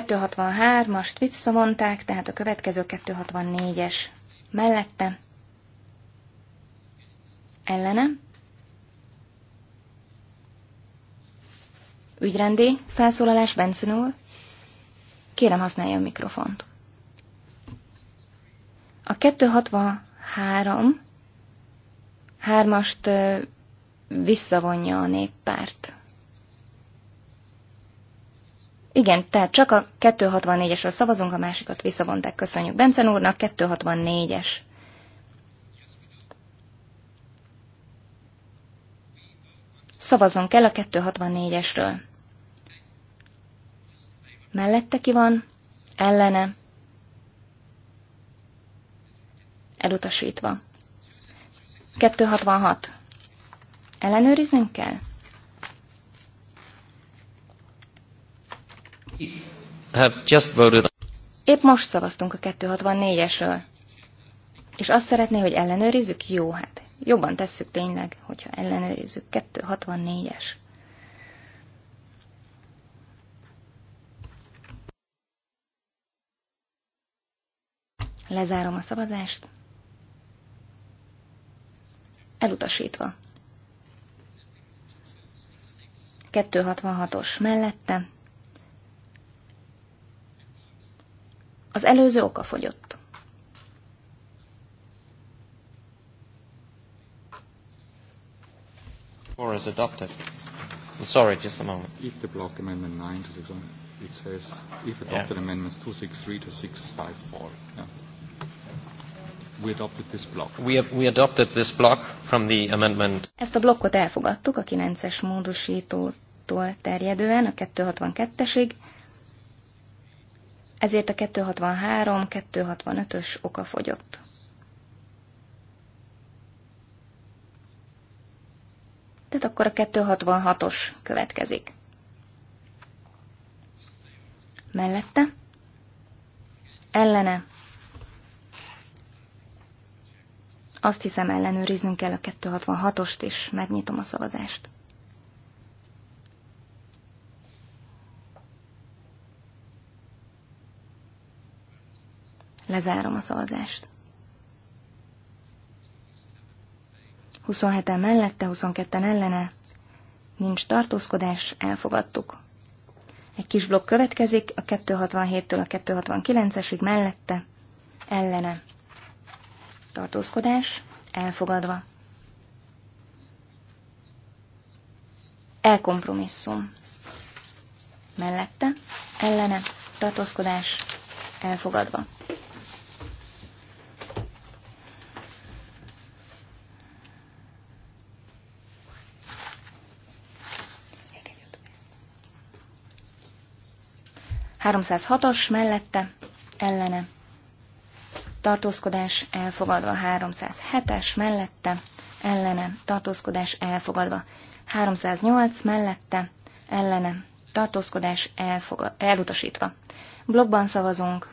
263 as visszavonták, tehát a következő 264-es mellette, ellene, ügyrendi, felszólalás, Benson úr, kérem használja a mikrofont. A 263 hármast visszavonja a néppárt. Igen, tehát csak a 264-esről szavazunk, a másikat visszavonták. Köszönjük Bencen úrnak, 264-es. Szavazzon kell a 264-esről. Mellette ki van? Ellene? Elutasítva. 266. Ellenőriznünk kell? have just voted Épp most szavaztunk a 264-esről. És azt szeretné, hogy ellenőrizzük? Jó, hát jobban tesszük tényleg, hogyha ellenőrizzük. 264-es. Lezárom a szavazást. Elutasítva. 266-os mellette. Az előző oka fogyott. Four is adopted. Sorry, just a moment. If the block amendment 9 to 6, it says if adopted yeah. amendments 263 to 654. Yeah. We adopted this block. We, we adopted this block from the amendment. Ezt a blokkot elfogadtuk a 9-es módosítótól terjedően a 262-esig ezért a 263, 265-ös oka fogyott. Tehát akkor a 266-os következik. Mellette, ellene, azt hiszem ellenőriznünk kell a 266-ost, és megnyitom a szavazást. Lezárom a szavazást. 27-en mellette, 22-en ellene. Nincs tartózkodás, elfogadtuk. Egy kis blokk következik, a 267-től a 269-esig mellette, ellene. Tartózkodás, elfogadva. Elkompromisszum. Mellette, ellene, tartózkodás, elfogadva. 306-os mellette, ellene, tartózkodás elfogadva. 307-es mellette, ellene, tartózkodás elfogadva. 308 mellette, ellene, tartózkodás elfogad, elutasítva. Blokkban szavazunk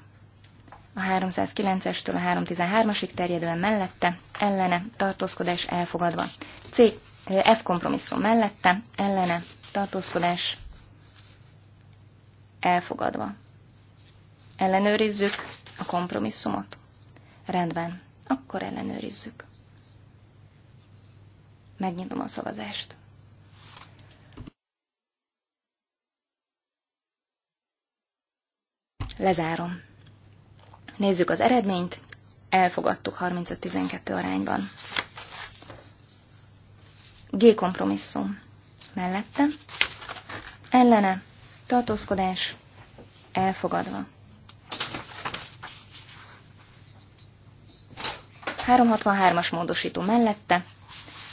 a 309-estől a 313-asig terjedően mellette, ellene, tartózkodás elfogadva. C, F kompromisszum mellette, ellene, tartózkodás Elfogadva. Ellenőrizzük a kompromisszumot. Rendben, akkor ellenőrizzük. Megnyitom a szavazást. Lezárom. Nézzük az eredményt. Elfogadtuk 35-12 arányban. G kompromisszum. Mellette. Ellene tartózkodás elfogadva. 363-as módosító mellette,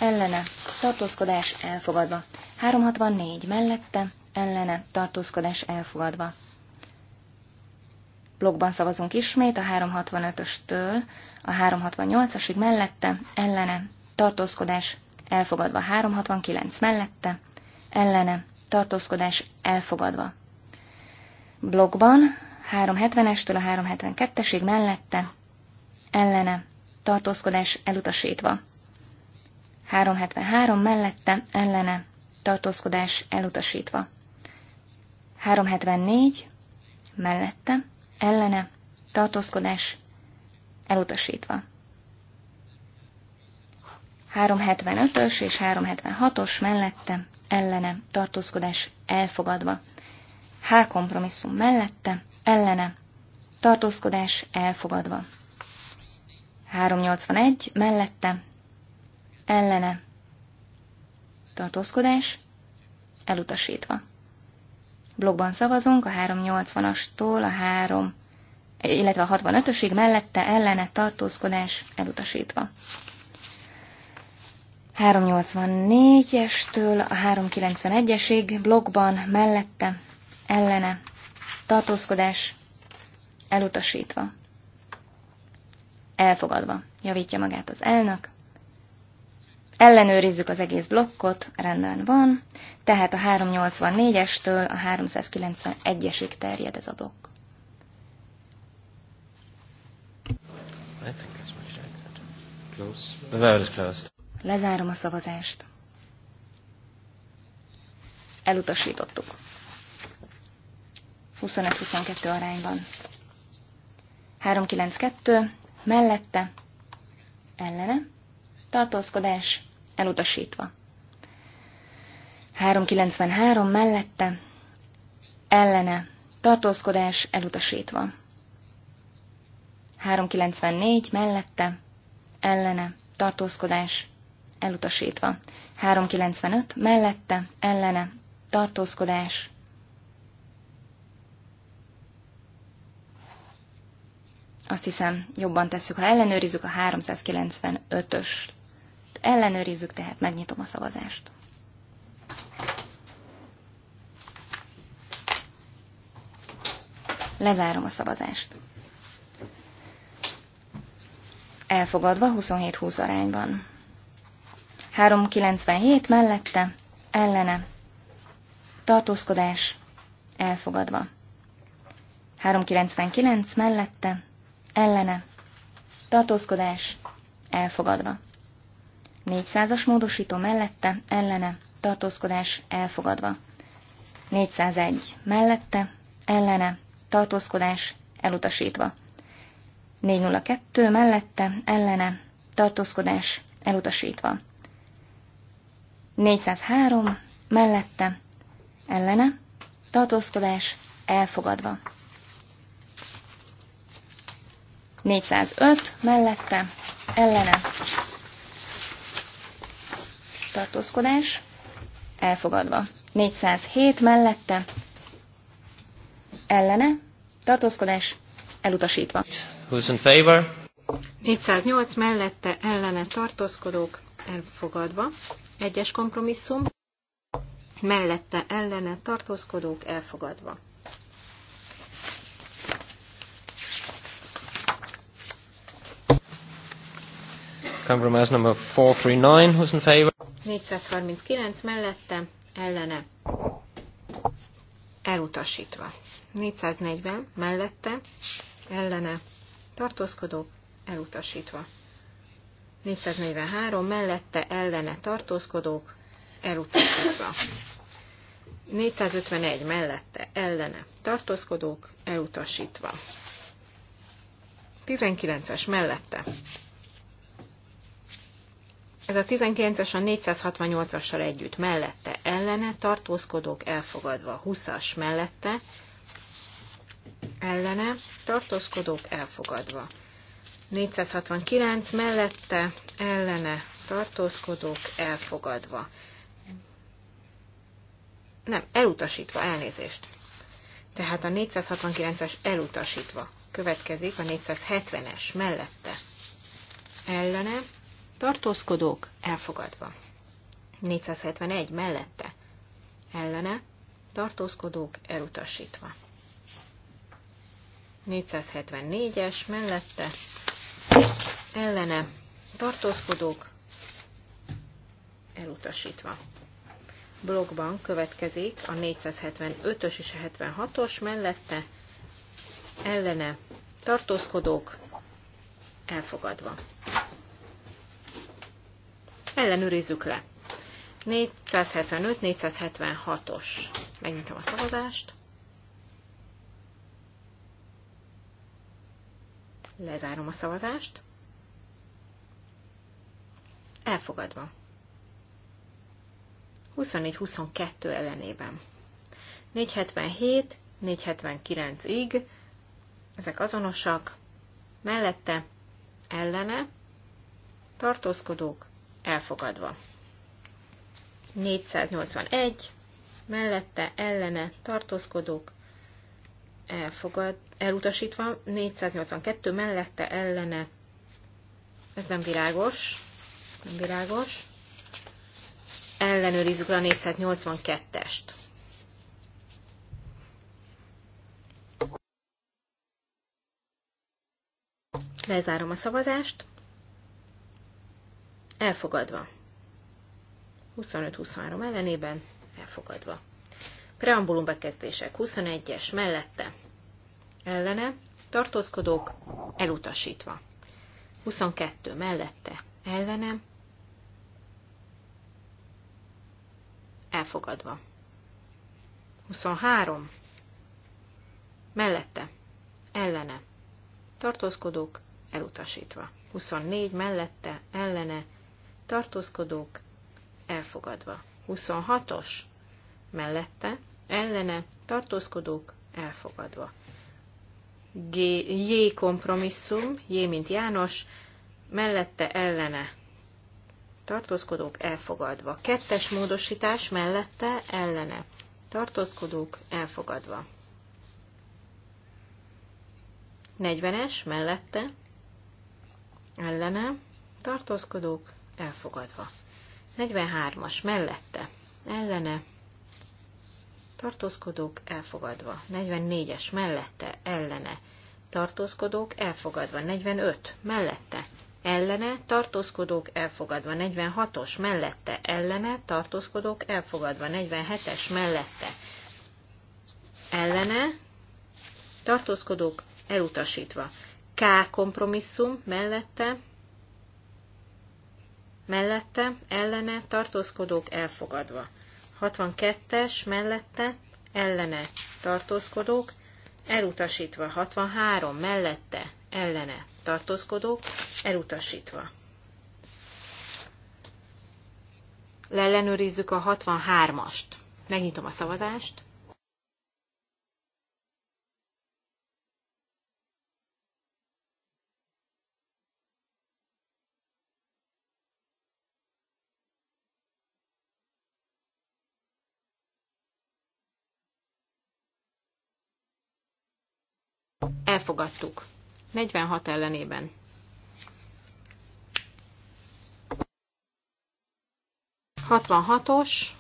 ellene, tartózkodás elfogadva. 364 mellette, ellene, tartózkodás elfogadva. Blogban szavazunk ismét a 365-östől a 368-asig mellette, ellene, tartózkodás elfogadva. 369 mellette, ellene, tartózkodás elfogadva. Blogban 370-estől a 372-esig mellette, ellene, tartózkodás elutasítva. 373 mellette, ellene, tartózkodás elutasítva. 374 mellette, ellene, tartózkodás elutasítva. 375-ös és 376-os mellette, ellene, tartózkodás elfogadva. H kompromisszum mellette, ellene, tartózkodás elfogadva. 381 mellette, ellene, tartózkodás elutasítva. Blogban szavazunk a 380-astól a 3, illetve a 65-ösig mellette, ellene, tartózkodás elutasítva. 384-estől a 391-esig blogban mellette ellene tartózkodás elutasítva. Elfogadva, javítja magát az elnök. Ellenőrizzük az egész blokkot, rendben van, tehát a 384-estől a 391-esig terjed ez a blokk. The vote is closed. Lezárom a szavazást. Elutasítottuk. 25-22 arányban. 392 mellette ellene tartózkodás elutasítva. 393 mellette ellene tartózkodás elutasítva. 394 mellette ellene tartózkodás elutasítva. 395 mellette, ellene, tartózkodás. Azt hiszem, jobban tesszük, ha ellenőrizzük a 395-öst. Ellenőrizzük, tehát megnyitom a szavazást. Lezárom a szavazást. Elfogadva 27-20 arányban. 397 mellette, ellene, tartózkodás, elfogadva. 399 mellette, ellene, tartózkodás, elfogadva. 400-as módosító mellette, ellene, tartózkodás, elfogadva. 401 mellette, ellene, tartózkodás, elutasítva. 402 mellette, ellene, tartózkodás, elutasítva. 403 mellette ellene tartózkodás elfogadva. 405 mellette ellene tartózkodás elfogadva. 407 mellette ellene tartózkodás elutasítva. Who's in favor? 408 mellette ellene tartózkodók elfogadva. Egyes kompromisszum, mellette ellene tartózkodók elfogadva. Compromise number 439 was in favor. 439 mellette ellene elutasítva. 440 mellette ellene tartózkodók elutasítva. 443 mellette ellene tartózkodók elutasítva. 451 mellette ellene tartózkodók elutasítva. 19-es mellette. Ez a 19-es a 468-assal együtt mellette ellene tartózkodók elfogadva. 20-as mellette ellene tartózkodók elfogadva. 469 mellette ellene tartózkodók elfogadva. Nem, elutasítva, elnézést. Tehát a 469-es elutasítva. Következik a 470-es mellette. Ellene tartózkodók elfogadva. 471 mellette. Ellene tartózkodók elutasítva. 474-es mellette ellene tartózkodók elutasítva. Blogban következik a 475-ös és a 76-os mellette ellene tartózkodók elfogadva. Ellenőrizzük le. 475-476-os. Megnyitom a szavazást. Lezárom a szavazást. Elfogadva. 24-22 ellenében. 477, 479-ig, ezek azonosak, mellette, ellene, tartózkodók, elfogadva. 481, mellette, ellene, tartózkodók, elfogad, elutasítva, 482 mellette ellene, ez nem virágos, nem virágos, ellenőrizzük le a 482-est. Lezárom a szavazást. Elfogadva. 25-23 ellenében elfogadva. Preambulum bekezdések 21-es mellette ellene, tartózkodók elutasítva. 22 mellette ellene, elfogadva. 23 mellette ellene, tartózkodók elutasítva. 24 mellette ellene, tartózkodók elfogadva. 26-os mellette, ellene, tartózkodók elfogadva. G, J kompromisszum, J mint János, mellette, ellene, tartózkodók elfogadva. Kettes módosítás mellette, ellene, tartózkodók elfogadva. 40-es mellette, ellene, tartózkodók elfogadva. 43-as mellette, ellene, tartózkodók elfogadva. 44-es mellette, ellene, tartózkodók elfogadva. 45 mellette, ellene, tartózkodók elfogadva. 46-os mellette, ellene, tartózkodók elfogadva. 47-es mellette, ellene, tartózkodók elutasítva. K kompromisszum mellette, mellette, ellene, tartózkodók elfogadva. 62-es mellette ellene tartózkodók, elutasítva 63 mellette ellene tartózkodók, elutasítva. Leellenőrizzük a 63-ast. Megnyitom a szavazást. Elfogadtuk. 46 ellenében. Hatvanhatos.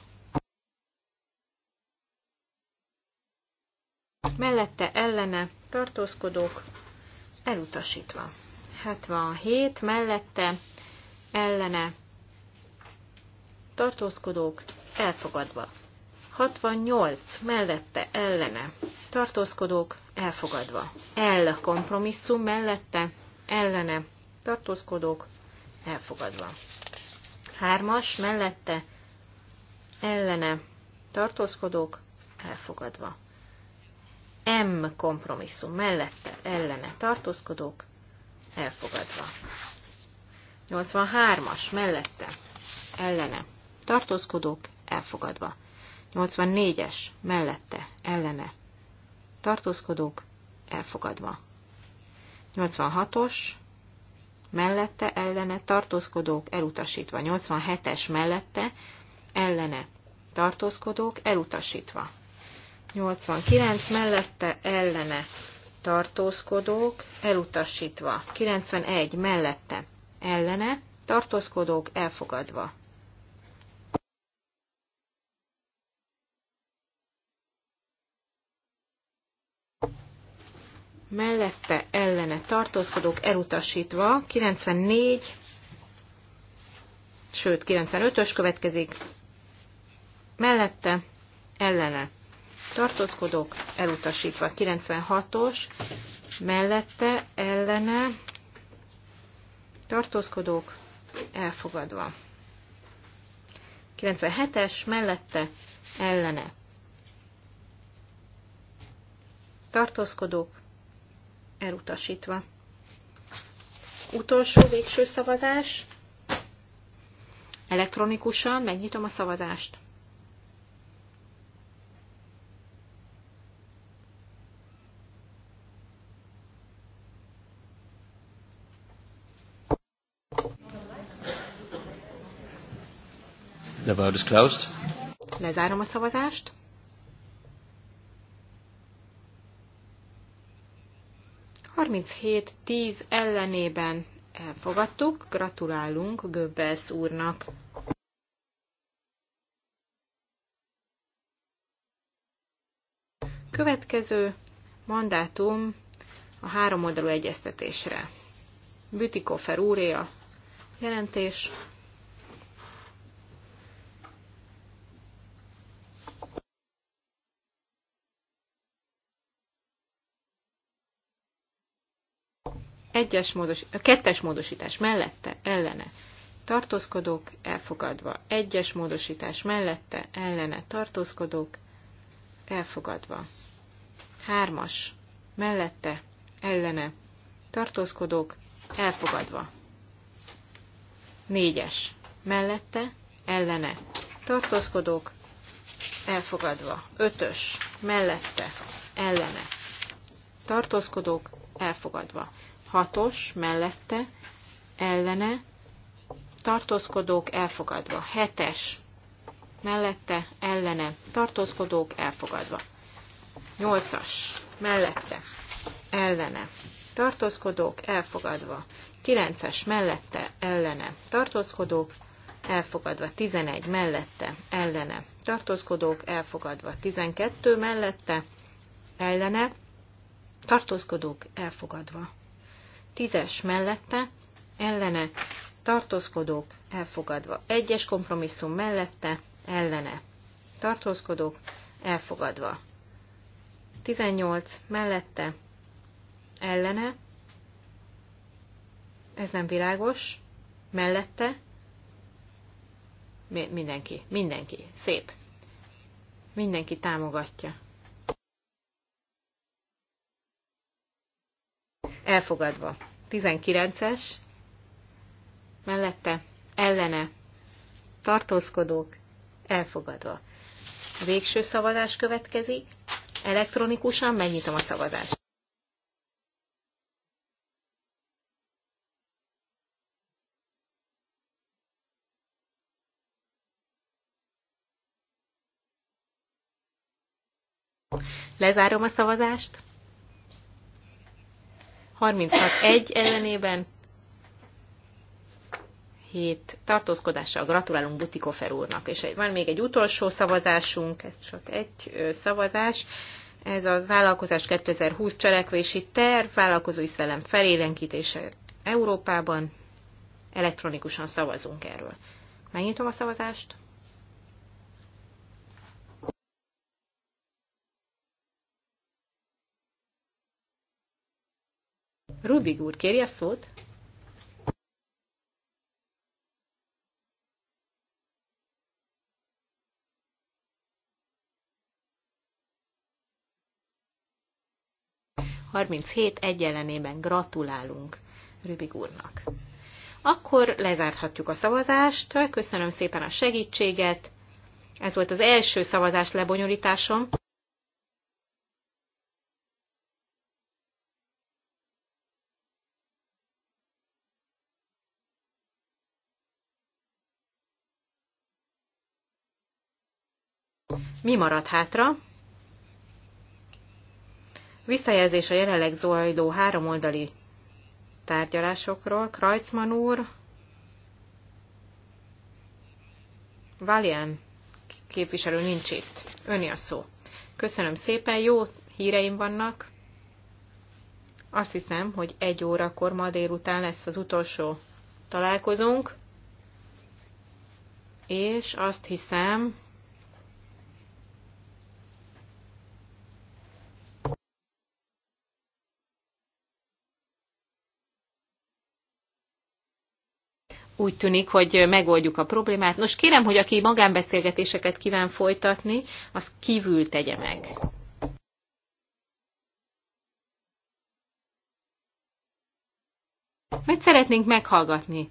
Mellette ellene tartózkodók elutasítva. 77 mellette ellene tartózkodók elfogadva. 68 mellette ellene tartózkodók elfogadva. El kompromisszum mellette, ellene, tartózkodók elfogadva. Hármas mellette, ellene, tartózkodók elfogadva. M kompromisszum mellette, ellene, tartózkodók elfogadva. 83-as mellette, ellene, tartózkodók elfogadva. 84-es mellette, ellene, tartózkodók elfogadva. 86-os mellette ellene tartózkodók elutasítva. 87-es mellette ellene tartózkodók elutasítva. 89 mellette ellene tartózkodók elutasítva. 91 mellette ellene tartózkodók elfogadva. mellette ellene tartózkodók elutasítva, 94, sőt 95-ös következik, mellette ellene tartózkodók elutasítva, 96-os, mellette ellene tartózkodók elfogadva. 97-es mellette ellene tartózkodók elutasítva. Utolsó végső szavazás. Elektronikusan megnyitom a szavazást. The vote is closed. Lezárom a szavazást. 37-10 ellenében elfogadtuk. Gratulálunk Göbbelsz úrnak! Következő mandátum a három oldalú egyeztetésre. Bütikofer úré a jelentés. Egyes módos, a kettes módosítás mellette, ellene tartózkodók, elfogadva. Egyes módosítás mellette, ellene tartózkodók, elfogadva. Hármas, mellette, ellene tartózkodók, elfogadva. Négyes, mellette, ellene tartózkodók, elfogadva. Ötös, mellette, ellene tartózkodók, elfogadva hatos mellette ellene tartózkodók elfogadva. Hetes mellette ellene tartózkodók elfogadva. Nyolcas mellette ellene tartózkodók elfogadva. Kilences mellette ellene tartózkodók elfogadva tizenegy mellette, ellene, tartózkodók elfogadva tizenkettő mellette, ellene, tartózkodók elfogadva Tízes mellette, ellene, tartózkodók, elfogadva. Egyes kompromisszum mellette, ellene, tartózkodók, elfogadva. 18 mellette, ellene, ez nem világos, mellette, mindenki, mindenki, szép. Mindenki támogatja. elfogadva. 19-es, mellette, ellene, tartózkodók, elfogadva. Végső szavazás következik, elektronikusan megnyitom a szavazást. Lezárom a szavazást. 36-1 ellenében 7 tartózkodással gratulálunk Butikofer úrnak. És van még egy utolsó szavazásunk, ez csak egy szavazás. Ez a vállalkozás 2020 cselekvési terv, vállalkozói szellem felélenkítése Európában. Elektronikusan szavazunk erről. Megnyitom a szavazást. Rubik úr, kérje a szót? Harminchét egy ellenében gratulálunk Rübig úrnak. Akkor lezárhatjuk a szavazást. Köszönöm szépen a segítséget. Ez volt az első szavazás lebonyolításom. Mi marad hátra? Visszajelzés a jelenleg zajló háromoldali tárgyalásokról. Krajcman úr, Valian képviselő nincs itt. Öni a szó. Köszönöm szépen, jó híreim vannak. Azt hiszem, hogy egy órakor ma délután lesz az utolsó találkozónk, és azt hiszem, úgy tűnik, hogy megoldjuk a problémát. Nos, kérem, hogy aki magánbeszélgetéseket kíván folytatni, az kívül tegye meg. Mert szeretnénk meghallgatni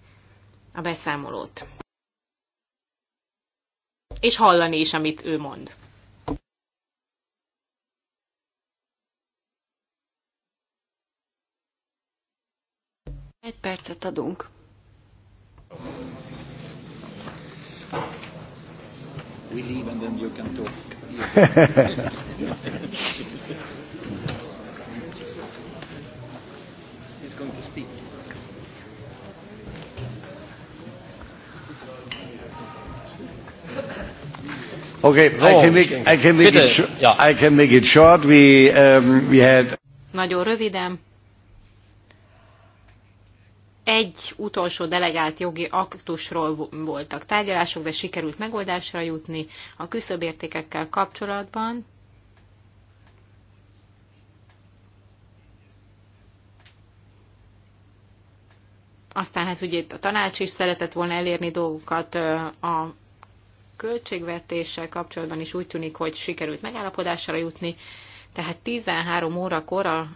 a beszámolót. És hallani is, amit ő mond. Egy percet adunk. We leave and then you can talk. He's going to speak. Okay, so, I can make, I can make, it, yeah. I can make it short. We, um, we had... Nagyon röviden, egy utolsó delegált jogi aktusról voltak tárgyalások, de sikerült megoldásra jutni a küszöbértékekkel kapcsolatban. Aztán hát ugye itt a tanács is szeretett volna elérni dolgokat a költségvetéssel kapcsolatban is úgy tűnik, hogy sikerült megállapodásra jutni, tehát 13 órakor a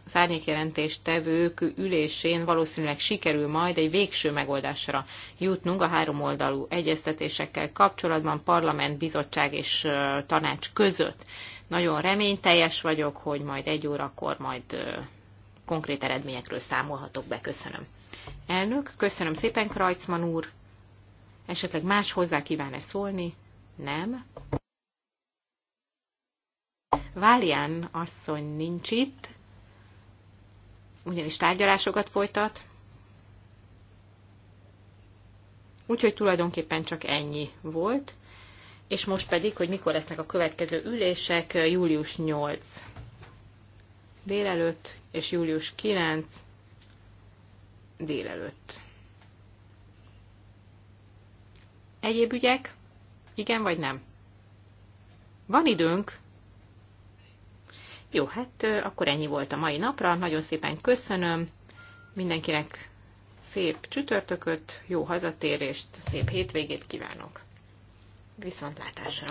tevők ülésén valószínűleg sikerül majd egy végső megoldásra jutnunk a háromoldalú egyeztetésekkel kapcsolatban parlament, bizottság és tanács között. Nagyon reményteljes vagyok, hogy majd egy órakor majd konkrét eredményekről számolhatok be. Köszönöm. Elnök, köszönöm szépen, Krajcman úr. Esetleg más hozzá kíván-e szólni? Nem. Válián asszony nincs itt, ugyanis tárgyalásokat folytat, Úgyhogy tulajdonképpen csak ennyi volt. És most pedig, hogy mikor lesznek a következő ülések, július 8 délelőtt, és július 9 délelőtt. Egyéb ügyek? Igen vagy nem? Van időnk, jó, hát akkor ennyi volt a mai napra. Nagyon szépen köszönöm mindenkinek szép csütörtököt, jó hazatérést, szép hétvégét kívánok. Viszontlátásra!